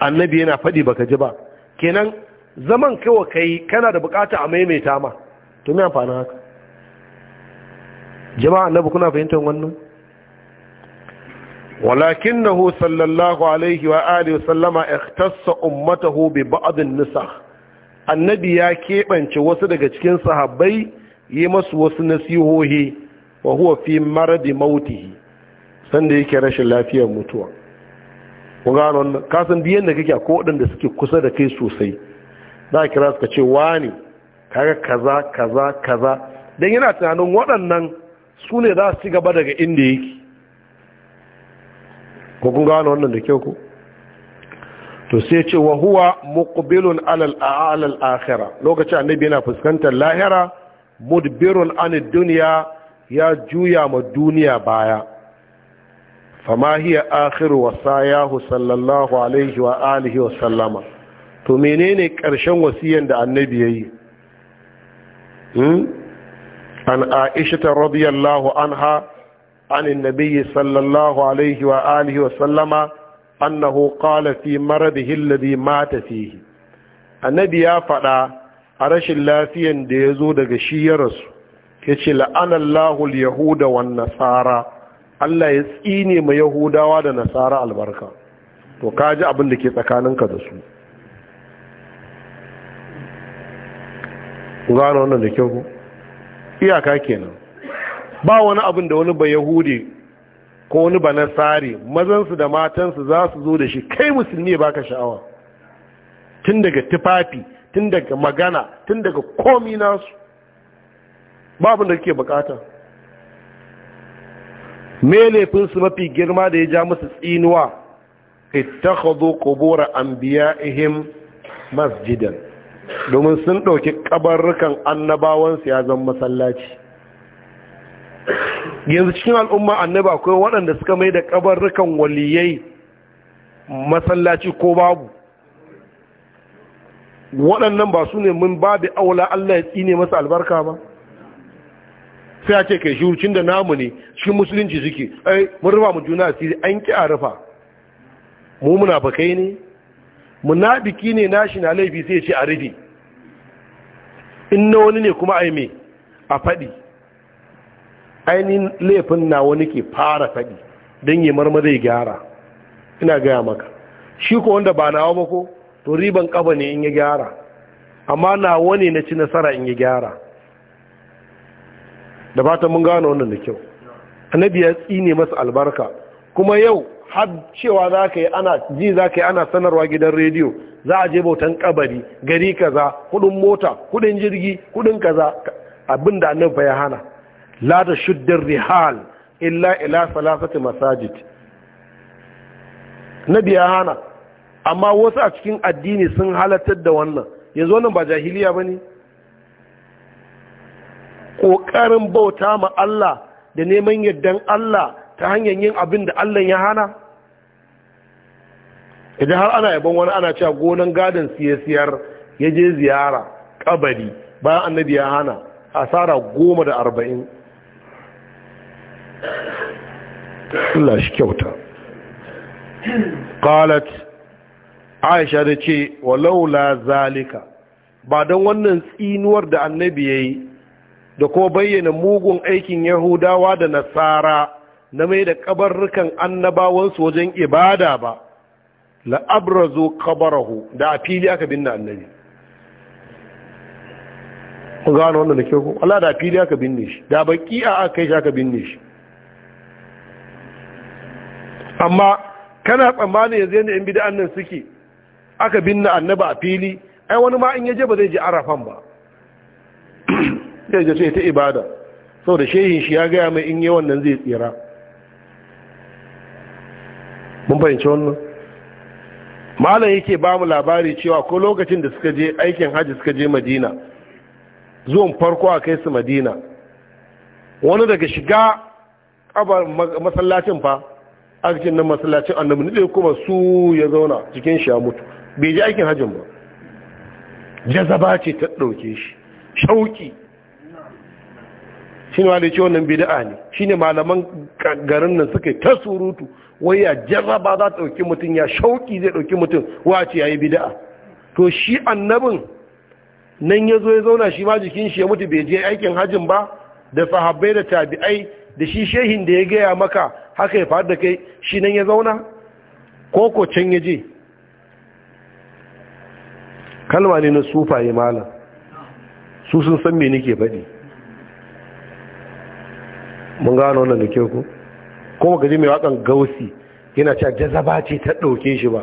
annabi yana faɗi baka ji ba kenan zaman kawai kai kana da bukata a maimaita ma to me amfani haka jama'a annabi kuna fahimtar wannan walakinahu sallallahu alaihi wa alihi wa sallama ikhtassa ummatahu bi ba'd an annabi ya keɓance wasu daga cikin sahabbai yi masu wasu nasihohi wa huwa fi maradi mautihi sanda yake rashin lafiyar mutuwa ku gano kasan biyan da kake ko waɗanda suke kusa da kai sosai za a kira suka ce wani kaga kaza kaza kaza don yana tunanin waɗannan su ne za su ci gaba daga inda yake ko kun gano wannan da kyau ko to sai ce wa huwa muqbilun alal alal akhirah lokacin annabi yana fuskantar lahira mudbirun an dunya ya juya ma duniya baya fama hiya akhiru wasayahu sallallahu alaihi wa alihi wa sallama to menene ƙarshen wasiyan da annabi ya yi hmm? an aishita radiyallahu an ha anin nabiyyi sallallahu alaihi wa alihi wa sallama annahu qala fi ma ta fi yi. annabi ya faɗa a rashin lafiyan da ya zo daga shi ya rasu ya ce la'anallahu al-yahuda wa nasara Allah ya tsine ma yahudawa da nasara albarka to kaji abin da ke tsakaninka da su ku gano wannan da kyau iyaka kenan ba wani abin da wani ba yahudi ko wani ba nasari mazansu da matansu za su zo da shi kai musulmi ba ka sha'awa tun daga tufafi tun daga magana tun daga komi nasu Ba abin da kake bukata laifin su mafi girma da ya ja musu tsinuwa an biya ihim masjidan domin sun ɗauki ƙabarrukan annabawansu ya zama masallaci yanzu cikin al'umma annaba akwai waɗanda suka mai da ƙabarrukan waliyai masallaci ko babu waɗannan ba su ne mun babu aula Allah ya tsine masa albarka ba sai a ce kai shurcin da namu ne cikin musulunci suke ai mun rufa mu juna asiri an ƙi a rufa mu muna bakai ne munafiki ne nashi na laifi sai ce a rufe in na wani ne kuma ai a faɗi ainihin laifin na wani ke fara faɗi don yi marmara ya gyara ina gaya maka shi ko wanda ba nawa ba ko to riban kaba ne in ya gyara amma na wani na ci nasara in ya gyara da fatan mun gano wannan da kyau annabi ya tsine masa albarka kuma yau har cewa za ka yi ana ji za ka yi ana sanarwa gidan rediyo za a je bautan kabari gari kaza kudin mota kudin jirgi kudin kaza abin da annabi ya hana la rihal illa ila salasati masajid nabi ya hana amma wasu a cikin addini sun halartar da wannan yanzu wannan ba jahiliya bane Ƙoƙarin bauta ma Allah da neman yardan Allah ta hanyar yin abin da Allah ya hana idan har ana yaban wani ana cewa gonan gadon siyasiyar ya je ziyara kabari bayan annabi ya hana asara goma da arba'in Allah shi kyauta qalat aisha da ce walaula zalika ba don wannan tsinuwar da annabi ya yi da ko bayyana mugun aikin yahudawa da nasara na mai da kabarrukan annabawansu wajen ibada ba la'abrazo kabarahu da a fili aka binne annabi ku gano wannan da ke ku Allah da fili aka binne shi da baki a aka yi shi aka binne shi amma kana tsammanin yanzu yanda yan bid'an nan suke aka binne annabi a fili ai wani ma in yaje ba zai ji arafan ba zai ji sai ta ibada saboda shehin shi ya gaya mai in yi wannan zai tsira mun fahimci wannan malam yake ba mu labari cewa ko lokacin da suka je aikin hajji suka je madina zuwan farko a kai su madina wani daga shiga kabar masallacin fa arzikin nan masallacin annabi ne kuma su ya zauna cikin shi ya mutu bai ji aikin hajjin ba jazaba ce ta ɗauke shi shauki shi ne wani wannan bida'a ne shi ne malaman garin nan suka yi ta surutu wai ya jarraba za ta ɗauki mutum ya shauki zai ɗauki mutum wace ya yi bida'a to shi annabin nan ya zo ya zauna shi ma jikin shi ya mutu bai je aikin hajjin ba da sahabbai da tabi'ai da shi shehin da ya gaya maka haka ya faru da kai shi nan ya zauna ko ko can ya je kalma ne na sufaye malam su sun san me nake faɗi mun gano wannan da ke ku ko baka ji mai wakan gausi yana cewa jazaba ce ta ɗauke shi ba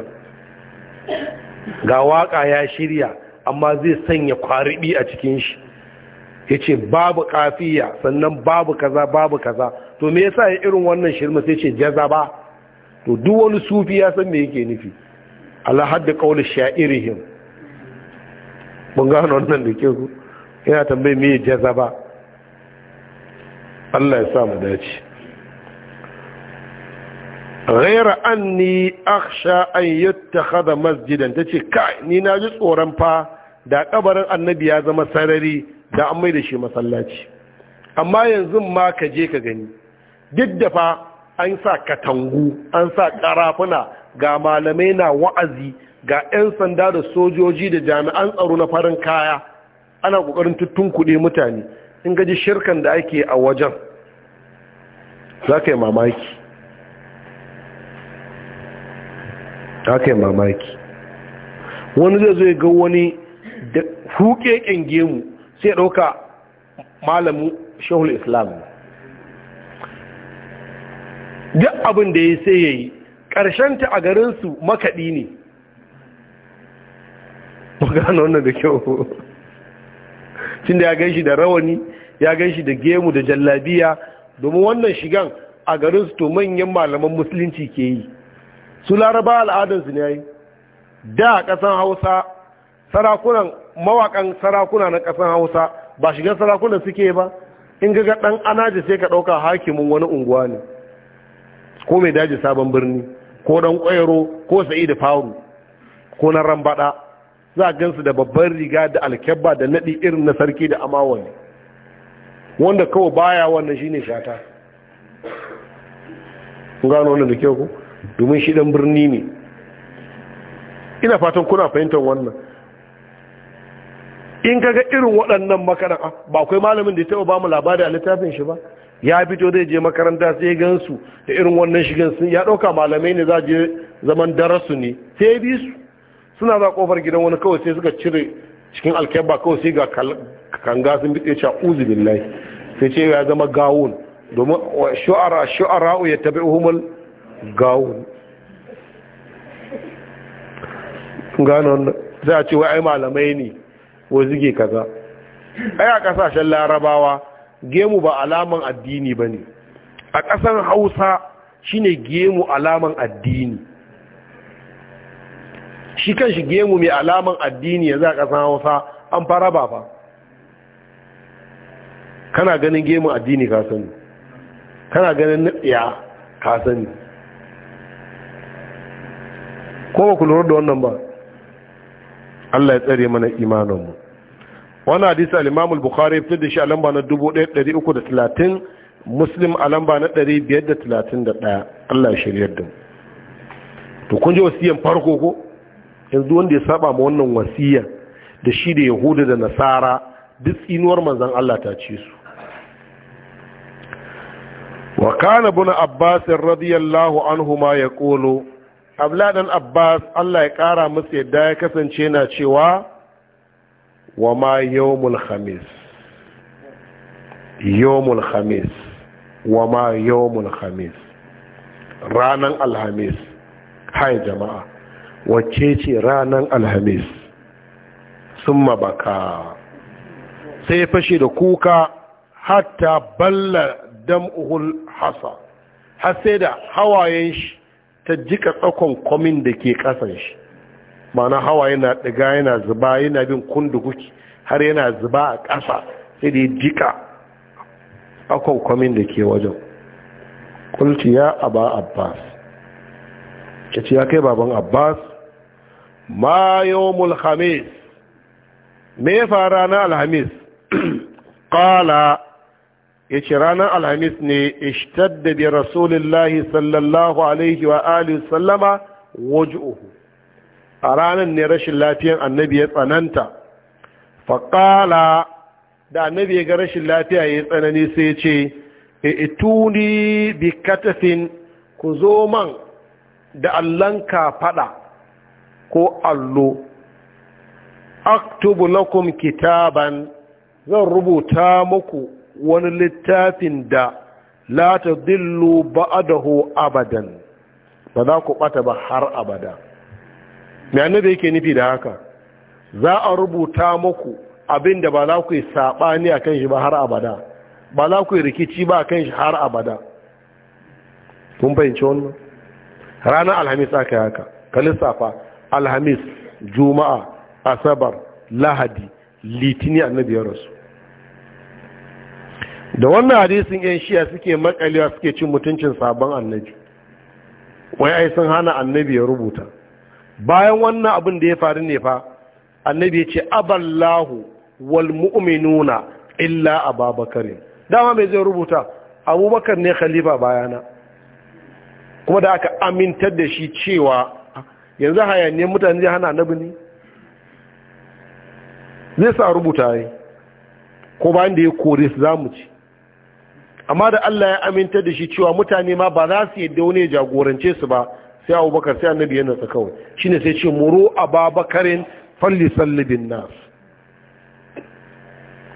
ga waƙa ya shirya amma zai sanya kwariɓi a cikin shi ya ce babu kafiya sannan babu kaza babu kaza to me yasa ya irin wannan shirma sai ce jazaba to duk wani sufi ya san me yake nufi ala hadda qawli sha'irihim mun ga wannan da ke ku yana tambaye me jazaba Allah ya sa mu dace ghaira anni akhsha an yattakhadha masjidan tace kai ni na ji tsoron fa da kabarin annabi ya zama sarari da an maida shi masallaci amma yanzu ma ka je ka gani duk da fa an sa katangu an sa karafuna ga malamai na wa'azi ga 'yan sanda da sojoji da jami'an tsaro na farin kaya ana kokarin tuttunkuɗe mutane in gaji shirkan da ake a wajen za ka yi mamaki ta kai mamaki wani zai zo ya ga wani da huƙeƙen gemu sai ya ɗauka malamin shahul islam duk abin da ya sai ya yi ƙarshenta a garinsu makaɗi ne magana wannan da kyau Cinda ya gan da rawani ya gan da gemu da jallabiya domin wannan shigan a garinsu to manyan malaman musulunci ke yi su laraba al'adarsu ne yi da a ƙasan hausa sarakunan mawaƙan sarakuna na ƙasan hausa ba shiga sarakunan suke ba in gaga ɗan anaji sai ka ɗauka hakimin wani unguwa ne ko mai daji sabon birni ko ɗan ƙwairo ko sa'i da faru ko na rambaɗa za a gansu da babban riga da alkyabba da naɗi irin na sarki da amawani wanda kawai baya wannan shine shata gano wannan da kyau ku domin shi dan birni ne ina fatan kuna fahimtar wannan in kaga irin waɗannan makaran ah, ba akwai malamin da ya taɓa ba mu labari a littafin shi ba ya fito zai je makaranta sai gansu da irin wannan shigan sun ya ɗauka malamai ne za je zaman darasu ne sai ya bi su suna za kofar gidan wani kawai sai suka cire cikin alkyabba kawai sai ga kanga sun bi ya uzu billahi sai ce ya zama gawun domin shu'ara shu'ara ya tabi uhumul gawun gano za a ce wa'ai malamai ne ko zige kaza ai a kasashen larabawa gemu ba alaman addini ba ne a kasan hausa shine gemu alaman addini shi kan shi gemu mai alaman addini ya za a kasan hausa an fara ba ba kana ganin gemun addini ka sani kana ganin ya ka sani ko ba ku lura da wannan ba Allah ya tsare mana imaninmu wani hadisi al-imamul bukhari fitar da shi a lamba na 1330 muslim a lamba na 531 Allah ya shirya da to kun ji wasiyan farko ko yanzu wanda ya saba ma wannan wasiya da shi da yahuda da nasara duk tsinuwar manzan Allah ta ce su wa kana ibn abbas radiyallahu ya yaqulu abladan abbas allah ya kara musu yadda ya kasance na cewa wa ma yawmul khamis yawmul khamis wa ma yawmul khamis ranan alhamis hai jama'a wacce ce ranan alhamis sun mabaka sai fashe da kuka hatta balla dam'uhul hasa har sai da hawayen shi ta jika tsakon kwamin da ke kasan shi mana hawa yana ɗiga yana zuba yana bin kunduguki har yana zuba a ƙasa sai da ya jika tsakon kwamin da ke wajen kulci ya aba abbas ya ce ya kai baban abbas ma yau me fara alhamis qala ya ce ranar alhamis ne ishtadda bi rasulillahi sallallahu alaihi wa alihi sallama a ranar ne rashin lafiyan annabi ya tsananta faƙala da annabi ga rashin lafiya ya tsanani sai ce ituni bi katafin ku zo man da allanka kafaɗa ko allo aktubu lakum kitaban zan rubuta muku wani littafin da la ta dillu ba'adahu abadan ba za ku bata ba har abada me da yake nufi da haka za a rubuta muku abinda da ba za ku yi saɓani a kan shi ba har abada ba za ku yi rikici ba a kan shi har abada kun fahimci wannan ranar alhamis aka yi haka ka lissafa alhamis juma'a asabar lahadi litini annabi ya rasu da wannan hadisin yan shiya suke makalewa suke cin mutuncin sabon annabi wai ai sun hana annabi ya rubuta bayan wannan abin da ya faru ne fa annabi ya ce aballahu wal mu'minuna illa ababakar dama mai zai rubuta abubakar ne khalifa bayana kuma da aka amintar da shi cewa yanzu hayaniyar mutane zai hana annabi ne zai sa rubuta yi ko bayan da ya kore su za ci amma da Allah ya aminta da shi cewa mutane ma ba za su yadda wani jagorance su ba sai abubakar sai annabi yana sa kawai shine sai ce muru ababakarin falli sallibin nas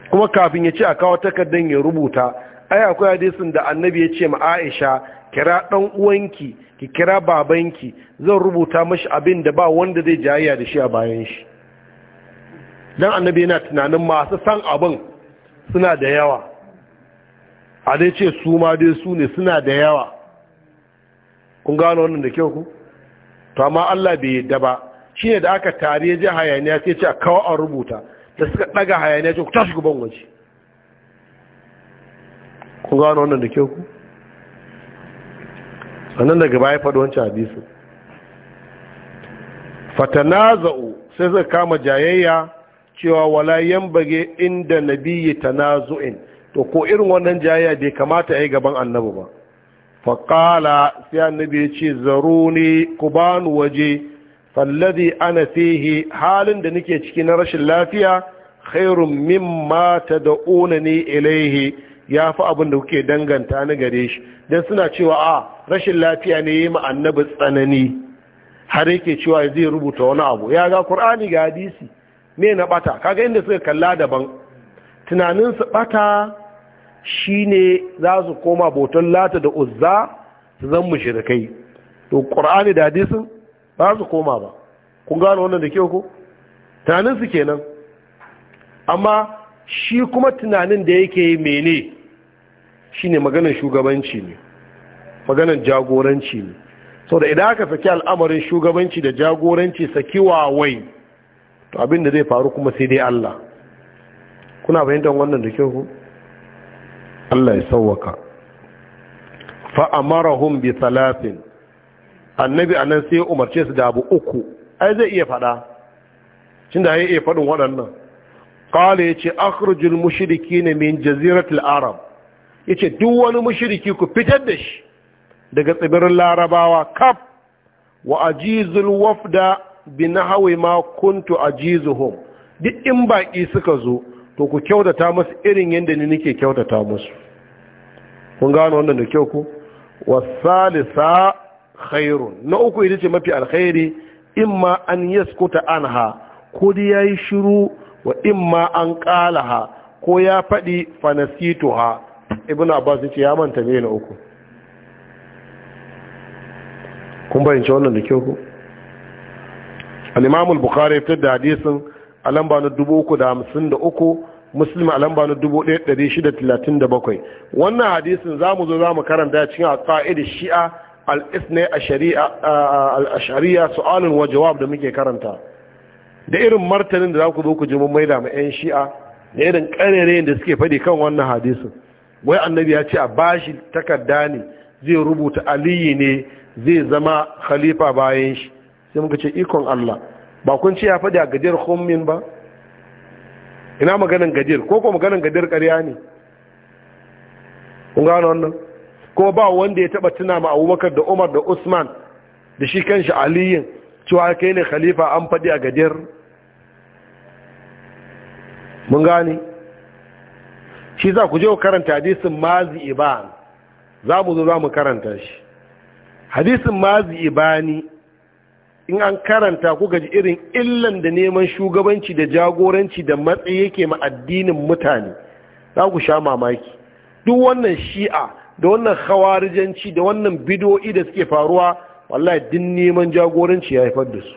kuma kafin ya ce a kawo takardar ya rubuta ai akwai hadisin da annabi ya ce ma Aisha kira dan uwanki ki kira babanki zan rubuta mashi abin da ba wanda zai jayya da shi a bayan shi dan annabi yana tunanin masu san abin suna da yawa a dai ce su ma dai su ne suna da yawa kun gano wannan da kyau ku to amma Allah bai yadda ba shi ne da aka tare ji hayaniya sai ce a kawo an rubuta da suka daga hayaniya ce ku tashi ku ban waje kun gano wannan da kyau ku sannan daga baya faɗi wancan hadisin fatanaza'u sai suka kama jayayya cewa wala yan bage inda nabiyyi tanazu'in to ko irin wannan jayayya bai kamata a yi gaban annabi ba faƙala sai annabi ya ce ne ku bani waje fallazi ana fihi halin da nake ciki na rashin lafiya khairun mimma ne ilaihi ya fi abin da kuke danganta ni gare shi don suna cewa a rashin lafiya ne yi annabi tsanani har yake cewa zai rubuta wani abu ya ga Kur'ani ga hadisi me na bata kaga inda suka kalla daban tunaninsu bata shi ne za su koma boton lata da uzza su zan mushirikai to ƙur'ani da hadisin ba su koma ba kun gano wannan da kyau ko tunaninsu kenan amma shi kuma tunanin da yake mene shi ne maganar shugabanci ne maganar jagoranci ne sau da idan aka saki al'amarin shugabanci da jagoranci sakiwa wai, to abin da zai faru kuma sai dai Allah kuna fahimtar wannan da kyau Allah ya sauwaka fa amarahum bi salatin annabi anan sai umarce su da abu uku ai zai iya fada cin da ya iya fadin waɗannan qala yace akhrijul mushrikeena min jaziratil arab yace duk wani mushriki ku fitar da shi daga tsibirin larabawa kaf wa ajizul wafda bi nahwi ma kuntu ajizuhum duk in baki suka zo to ku kyautata musu irin yadda ni nake kyautata musu kun gano wannan da kyau ku wasalisa khairun na uku ita ce mafi alkhairi imma an yaskuta anha ko dai yayi shiru wa imma an qalaha ko ya fadi fanasituha ibnu abbas ce ya manta me na uku kun bayyana wannan da kyau ku al-imam bukhari fitar da hadisin a lamba na dubu uku da hamsin da uku muslim a lamba na dubu ɗaya ɗari shida talatin da bakwai wannan hadisin za mu zo za mu karanta cikin alƙa'id shi'a al'isne a shari'a ashariya su'alun wa jawab da muke karanta da irin martanin da za ku zo ku ji mun maida ma 'yan shi'a da irin ƙarere da suke faɗi kan wannan hadisin wai annabi ya ce a bashi takarda ne zai rubuta aliyu ne zai zama khalifa bayan shi sai muka ce ikon Allah ba kun ce ya faɗi a gajiyar homin ba ina maganin gajiyar ko ko maganin gajiyar ƙarya ne kun gano wannan ko ba wanda ya taɓa tuna ma abubakar da umar da usman da shi kanshi aliyin cewa kai ne khalifa an faɗi a gajiyar mun gane shi za ku je ku karanta hadisin mazi iban za mu zo za mu karanta shi hadisin mazi ibani in an karanta kuka ji irin illan da neman shugabanci da jagoranci da matsayi yake ma addinin mutane za ku sha mamaki duk wannan shi'a da wannan hawarijanci da wannan bido'i da suke faruwa wallahi din neman jagoranci ya haifar da su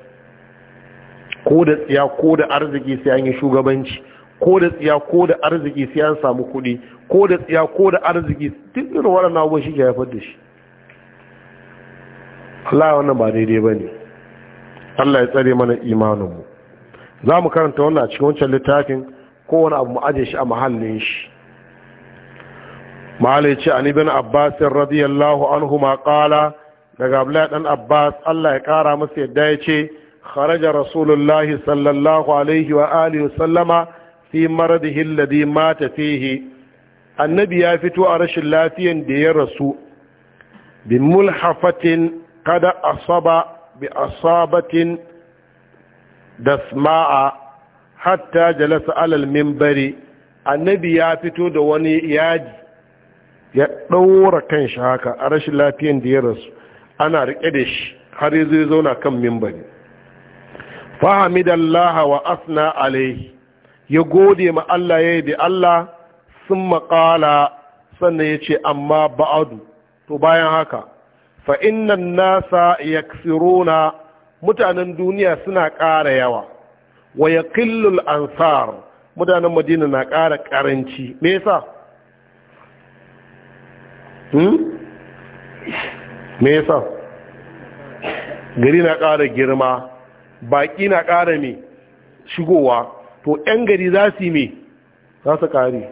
ko da tsiya ko da arziki sai an yi shugabanci ko da tsiya ko da arziki sai an samu kuɗi ko da tsiya ko da arziki duk irin waɗannan abubuwan shi ke haifar da shi Allah wannan ba daidai ba ne Allah ya tsare mana imaninmu za mu karanta wannan a cikin wancan littafin kowane abu ma'ajin shi a mahallin shi ya ce an ibn abbas radiyallahu anhu ma daga abdullahi dan abbas Allah ya kara masa yadda ya ce kharaja rasulullahi sallallahu alaihi wa alihi sallama fi maradihi alladhi mata fihi annabi ya fito a rashin lafiyan da ya rasu bi mulhafatin kada asaba bi asabatin dasma'a hatta jalasa alal mimbari annabi ya fito da wani yaji ya ɗaura kan shi haka a rashin lafiyan da ya rasu ana riƙe da shi har ya zai zauna kan mimbari fahimidallaha wa asna alaihi ya gode ma Allah ya yi da Allah sun maƙala sannan ya ce amma ba'adu to bayan haka fa innan nasa yaksiruna mutanen duniya suna ƙara yawa wa ƙillul ansar mutanen madina na ƙara ƙaranci me yasa hmm me yasa gari na ƙara girma baƙi na ƙara me shigowa to 'yan gari za su yi me za su ƙari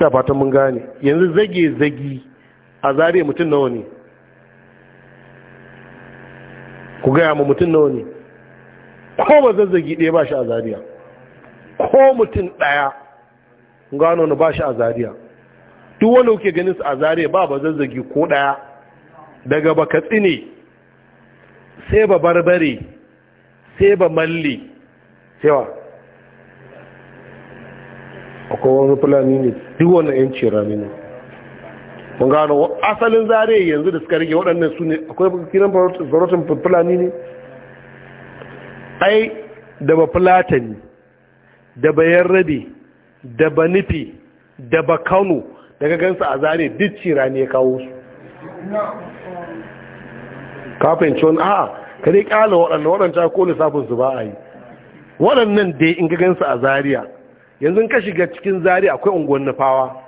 da fatan mun gane yanzu zage zagi a zariya mutum nawa ne ku gaya ma mutum nawa ne ko ba zazzagi ɗaya ba shi a zariya ko mutum ɗaya gano na ba shi a zariya duk wani kuke ganin su a zariya ba ba zazzagi ko ɗaya daga ka tsine sai ba barbare sai ba malli ba akwai wani fulani ne duk wani 'yanci rami ne mun gano asalin zare yanzu da suka rage waɗannan su ne akwai kiran zarotin fulani ne ai da ba fulatani da ba yarrabe da ba nufi da ba kano daga gansu a zare duk cira ne kawo su kafin ciwon a ka dai kyala waɗannan waɗanta ko su ba a yi waɗannan dai in ka gansu a zariya yanzu ka shiga cikin zariya akwai unguwan nufawa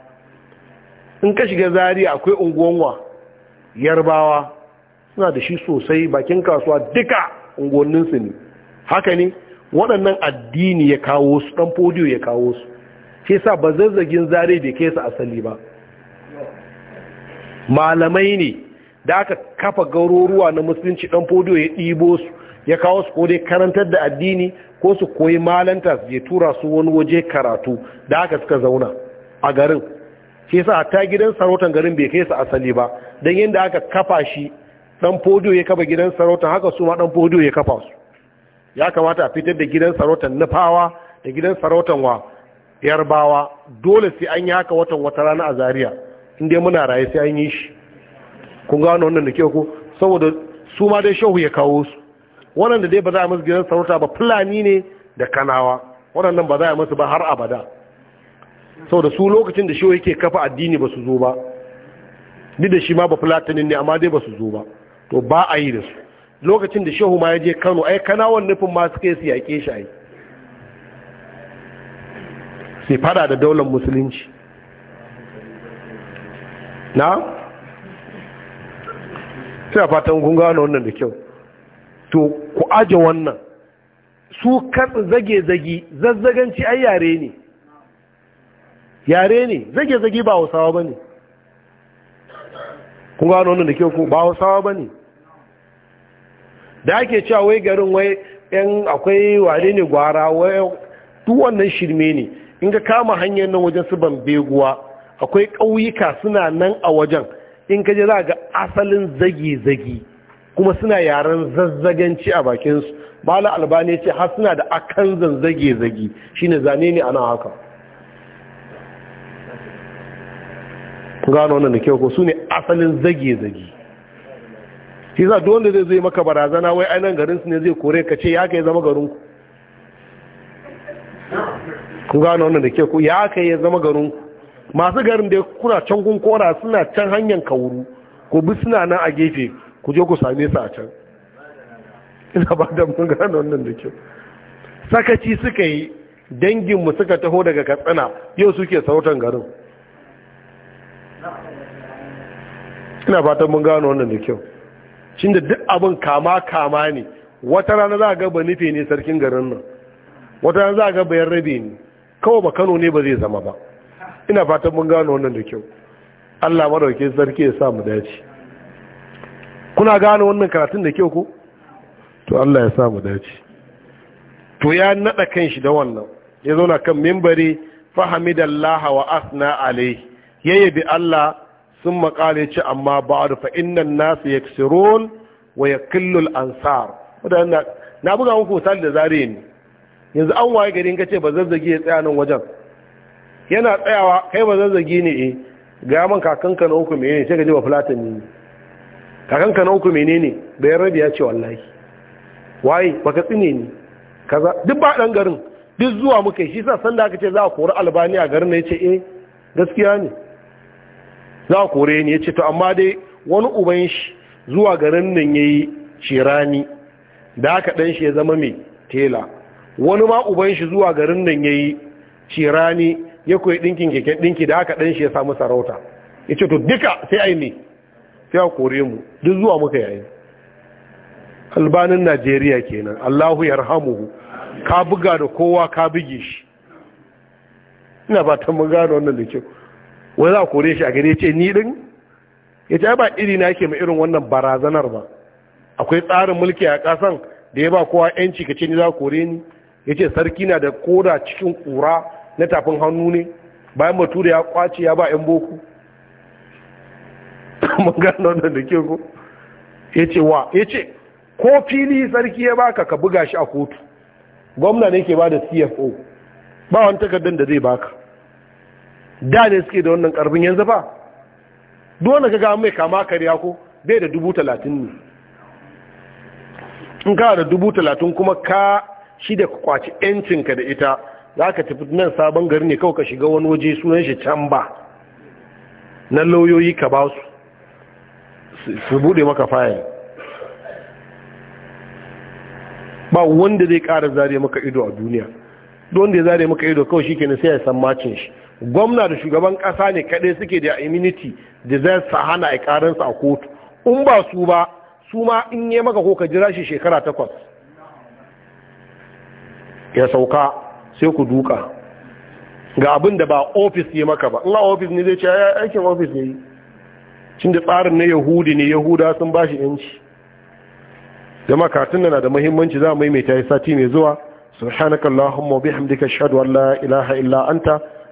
in ka shiga zari akwai unguwanwa yarbawa suna da shi sosai bakin kasuwa duka unguwanninsu ne haka ne waɗannan addini ya kawo su ɗan fodiyo ya kawo su ke sa ba zazzagin zari bai kai su asali ba malamai ne da aka kafa garuruwa na musulunci ɗan fodiyo ya ɗibo su ya kawo su ko dai karantar da addini ko su koyi malanta su je tura su wani waje karatu da aka suka zauna a garin shi yasa ta gidan sarautan garin bai kai su asali ba dan yanda aka kafa shi dan fodo ya kafa gidan sarautan haka su ma dan fodo ya kafa su ya kamata a fitar da gidan sarautan nufawa da gidan sarautan wa yarbawa dole sai an yi haka watan wata rana a Zariya inda muna raye sai an yi shi kun gano wannan da kyau ko saboda su ma dai shehu ya kawo su waɗanda dai ba za a musu gidan sarauta ba fulani ne da kanawa waɗannan ba za a musu ba har abada sau da su lokacin da shi yake kafa addini ba su zo ba ni da shi ma ba fulatanin ne amma dai ba su zo ba to ba a yi da su lokacin da shehu ma ya je kano ai kanawan nufin ma suka yi su yaƙe shi ai sai fada da daular musulunci na sai a fatan gunga na wannan da kyau to ku aje wannan su katsa zage-zage zazzaganci ai yare ne yare ne zage-zage ba hausawa ba ne Kuma wani wani da ke ku ba hausawa ba ne da ake cewa wai garin wai yan akwai ware ne gwara wai duk wannan shirme ne in ka kama hanyar nan wajen su ban beguwa akwai ƙauyuka suna nan a wajen in ka je za ga asalin zage-zage kuma suna yaren zazzaganci a bakinsu malam albani ce har suna da akan zan zage-zage, shine zane ne a nan haka gano wannan da kyau ko su ne asalin zage-zage shi za duk wanda zai zai maka barazana wai ainihin garinsu ne zai kore ka ce ya ka yi zama garinku ku gano wannan da kyau ko ya ka yi zama garinku masu garin da kuna can kun kora suna can hanyar kauru ku bi suna nan a gefe ku je ku same su a can ina ba da mun gano wannan da kyau sakaci suka yi danginmu suka taho daga katsina yau suke sautan garin ina fatan mun gano wannan da kyau shin da duk abin kama kama ne wata rana za a ga ba nufe ne sarkin garin nan wata rana za a ga bayan rabi ne kawai ba kano ne ba zai zama ba ina fatan mun gano wannan da kyau allah marauke sarki ya sa mu dace kuna gano wannan karatun da kyau ko to allah ya sa mu dace to ya naɗa kan shi da wannan ya zauna kan mimbari fahimidallaha wa asna alai yayyabi allah sun makale ce amma ba da fa'innan nasu ya siron wa ya killul ansar na buga muku misali da zare ne yanzu an waye garin ka ce ba zazzagi ya tsaya nan wajen yana tsayawa kai ba zazzagi ne eh ga man kakanka na uku menene sai ka ji ba fulatani ne kakanka na uku menene bayan rabi ya ce wallahi waye baka tsine ne kaza duk ba dan garin duk zuwa muka shi sa sanda aka ce za a kori albani a garin ne ya ce eh gaskiya ne za a kore ni ya ce to amma dai wani uban shi zuwa garin nan ya yi cirani da aka ɗan shi ya zama mai tela wani ma uban shi zuwa garin nan ya yi cirani ya koyi ɗinkin keken ɗinki da aka ɗan shi ya samu sarauta ya ce to duka sai aini sai a kore mu duk zuwa muka yayi albanin najeriya kenan allahu ya yarhamuhu ka buga da kowa ka buge shi ina ba ta mun wannan da kyau Wani za a kore shi a gare ce ni din ya ce ba iri na ke mai irin wannan barazanar ba akwai tsarin mulki a kasan da ya ba kowa yanci ka ce ni za a kore ni ya ce sarki na da koda cikin kura na tafin hannu ne bayan bature ya kwace ya ba yan boko mun da ya ce wa ya ce ko fili sarki ya baka ka buga shi a kotu gwamna ne ke ba da cfo ba wani takardar da zai baka da ne suke da wannan karfin yanzu ba dole ka ga mai kama karya ko bai da dubu talatin ne in ka da dubu talatin kuma ka shi da kwaci yancinka da ita za ka tafi nan sabon gari ne kawai ka shiga wani waje sunan shi can ba na lauyoyi ka ba su su bude maka fayil ba wanda zai kara zare maka ido a duniya don da ya zare maka ido kawai shi na sai ya san macin shi gwamna da shugaban kasa ne kaɗai suke da immunity da zai sa hana a ƙaransa a kotu in ba su ba su ma in yi maka ko ka jira shi shekara takwas ya sauka sai ku duka ga abin da ba ofis yi maka ba in ofis ne zai ce ya aikin ofis ne cin da tsarin na yahudi ne yahuda sun ba shi yanci zama katin na da muhimmanci za mu yi mai sati mai zuwa subhanakallahumma wa bihamdika ashhadu an la ilaha illa anta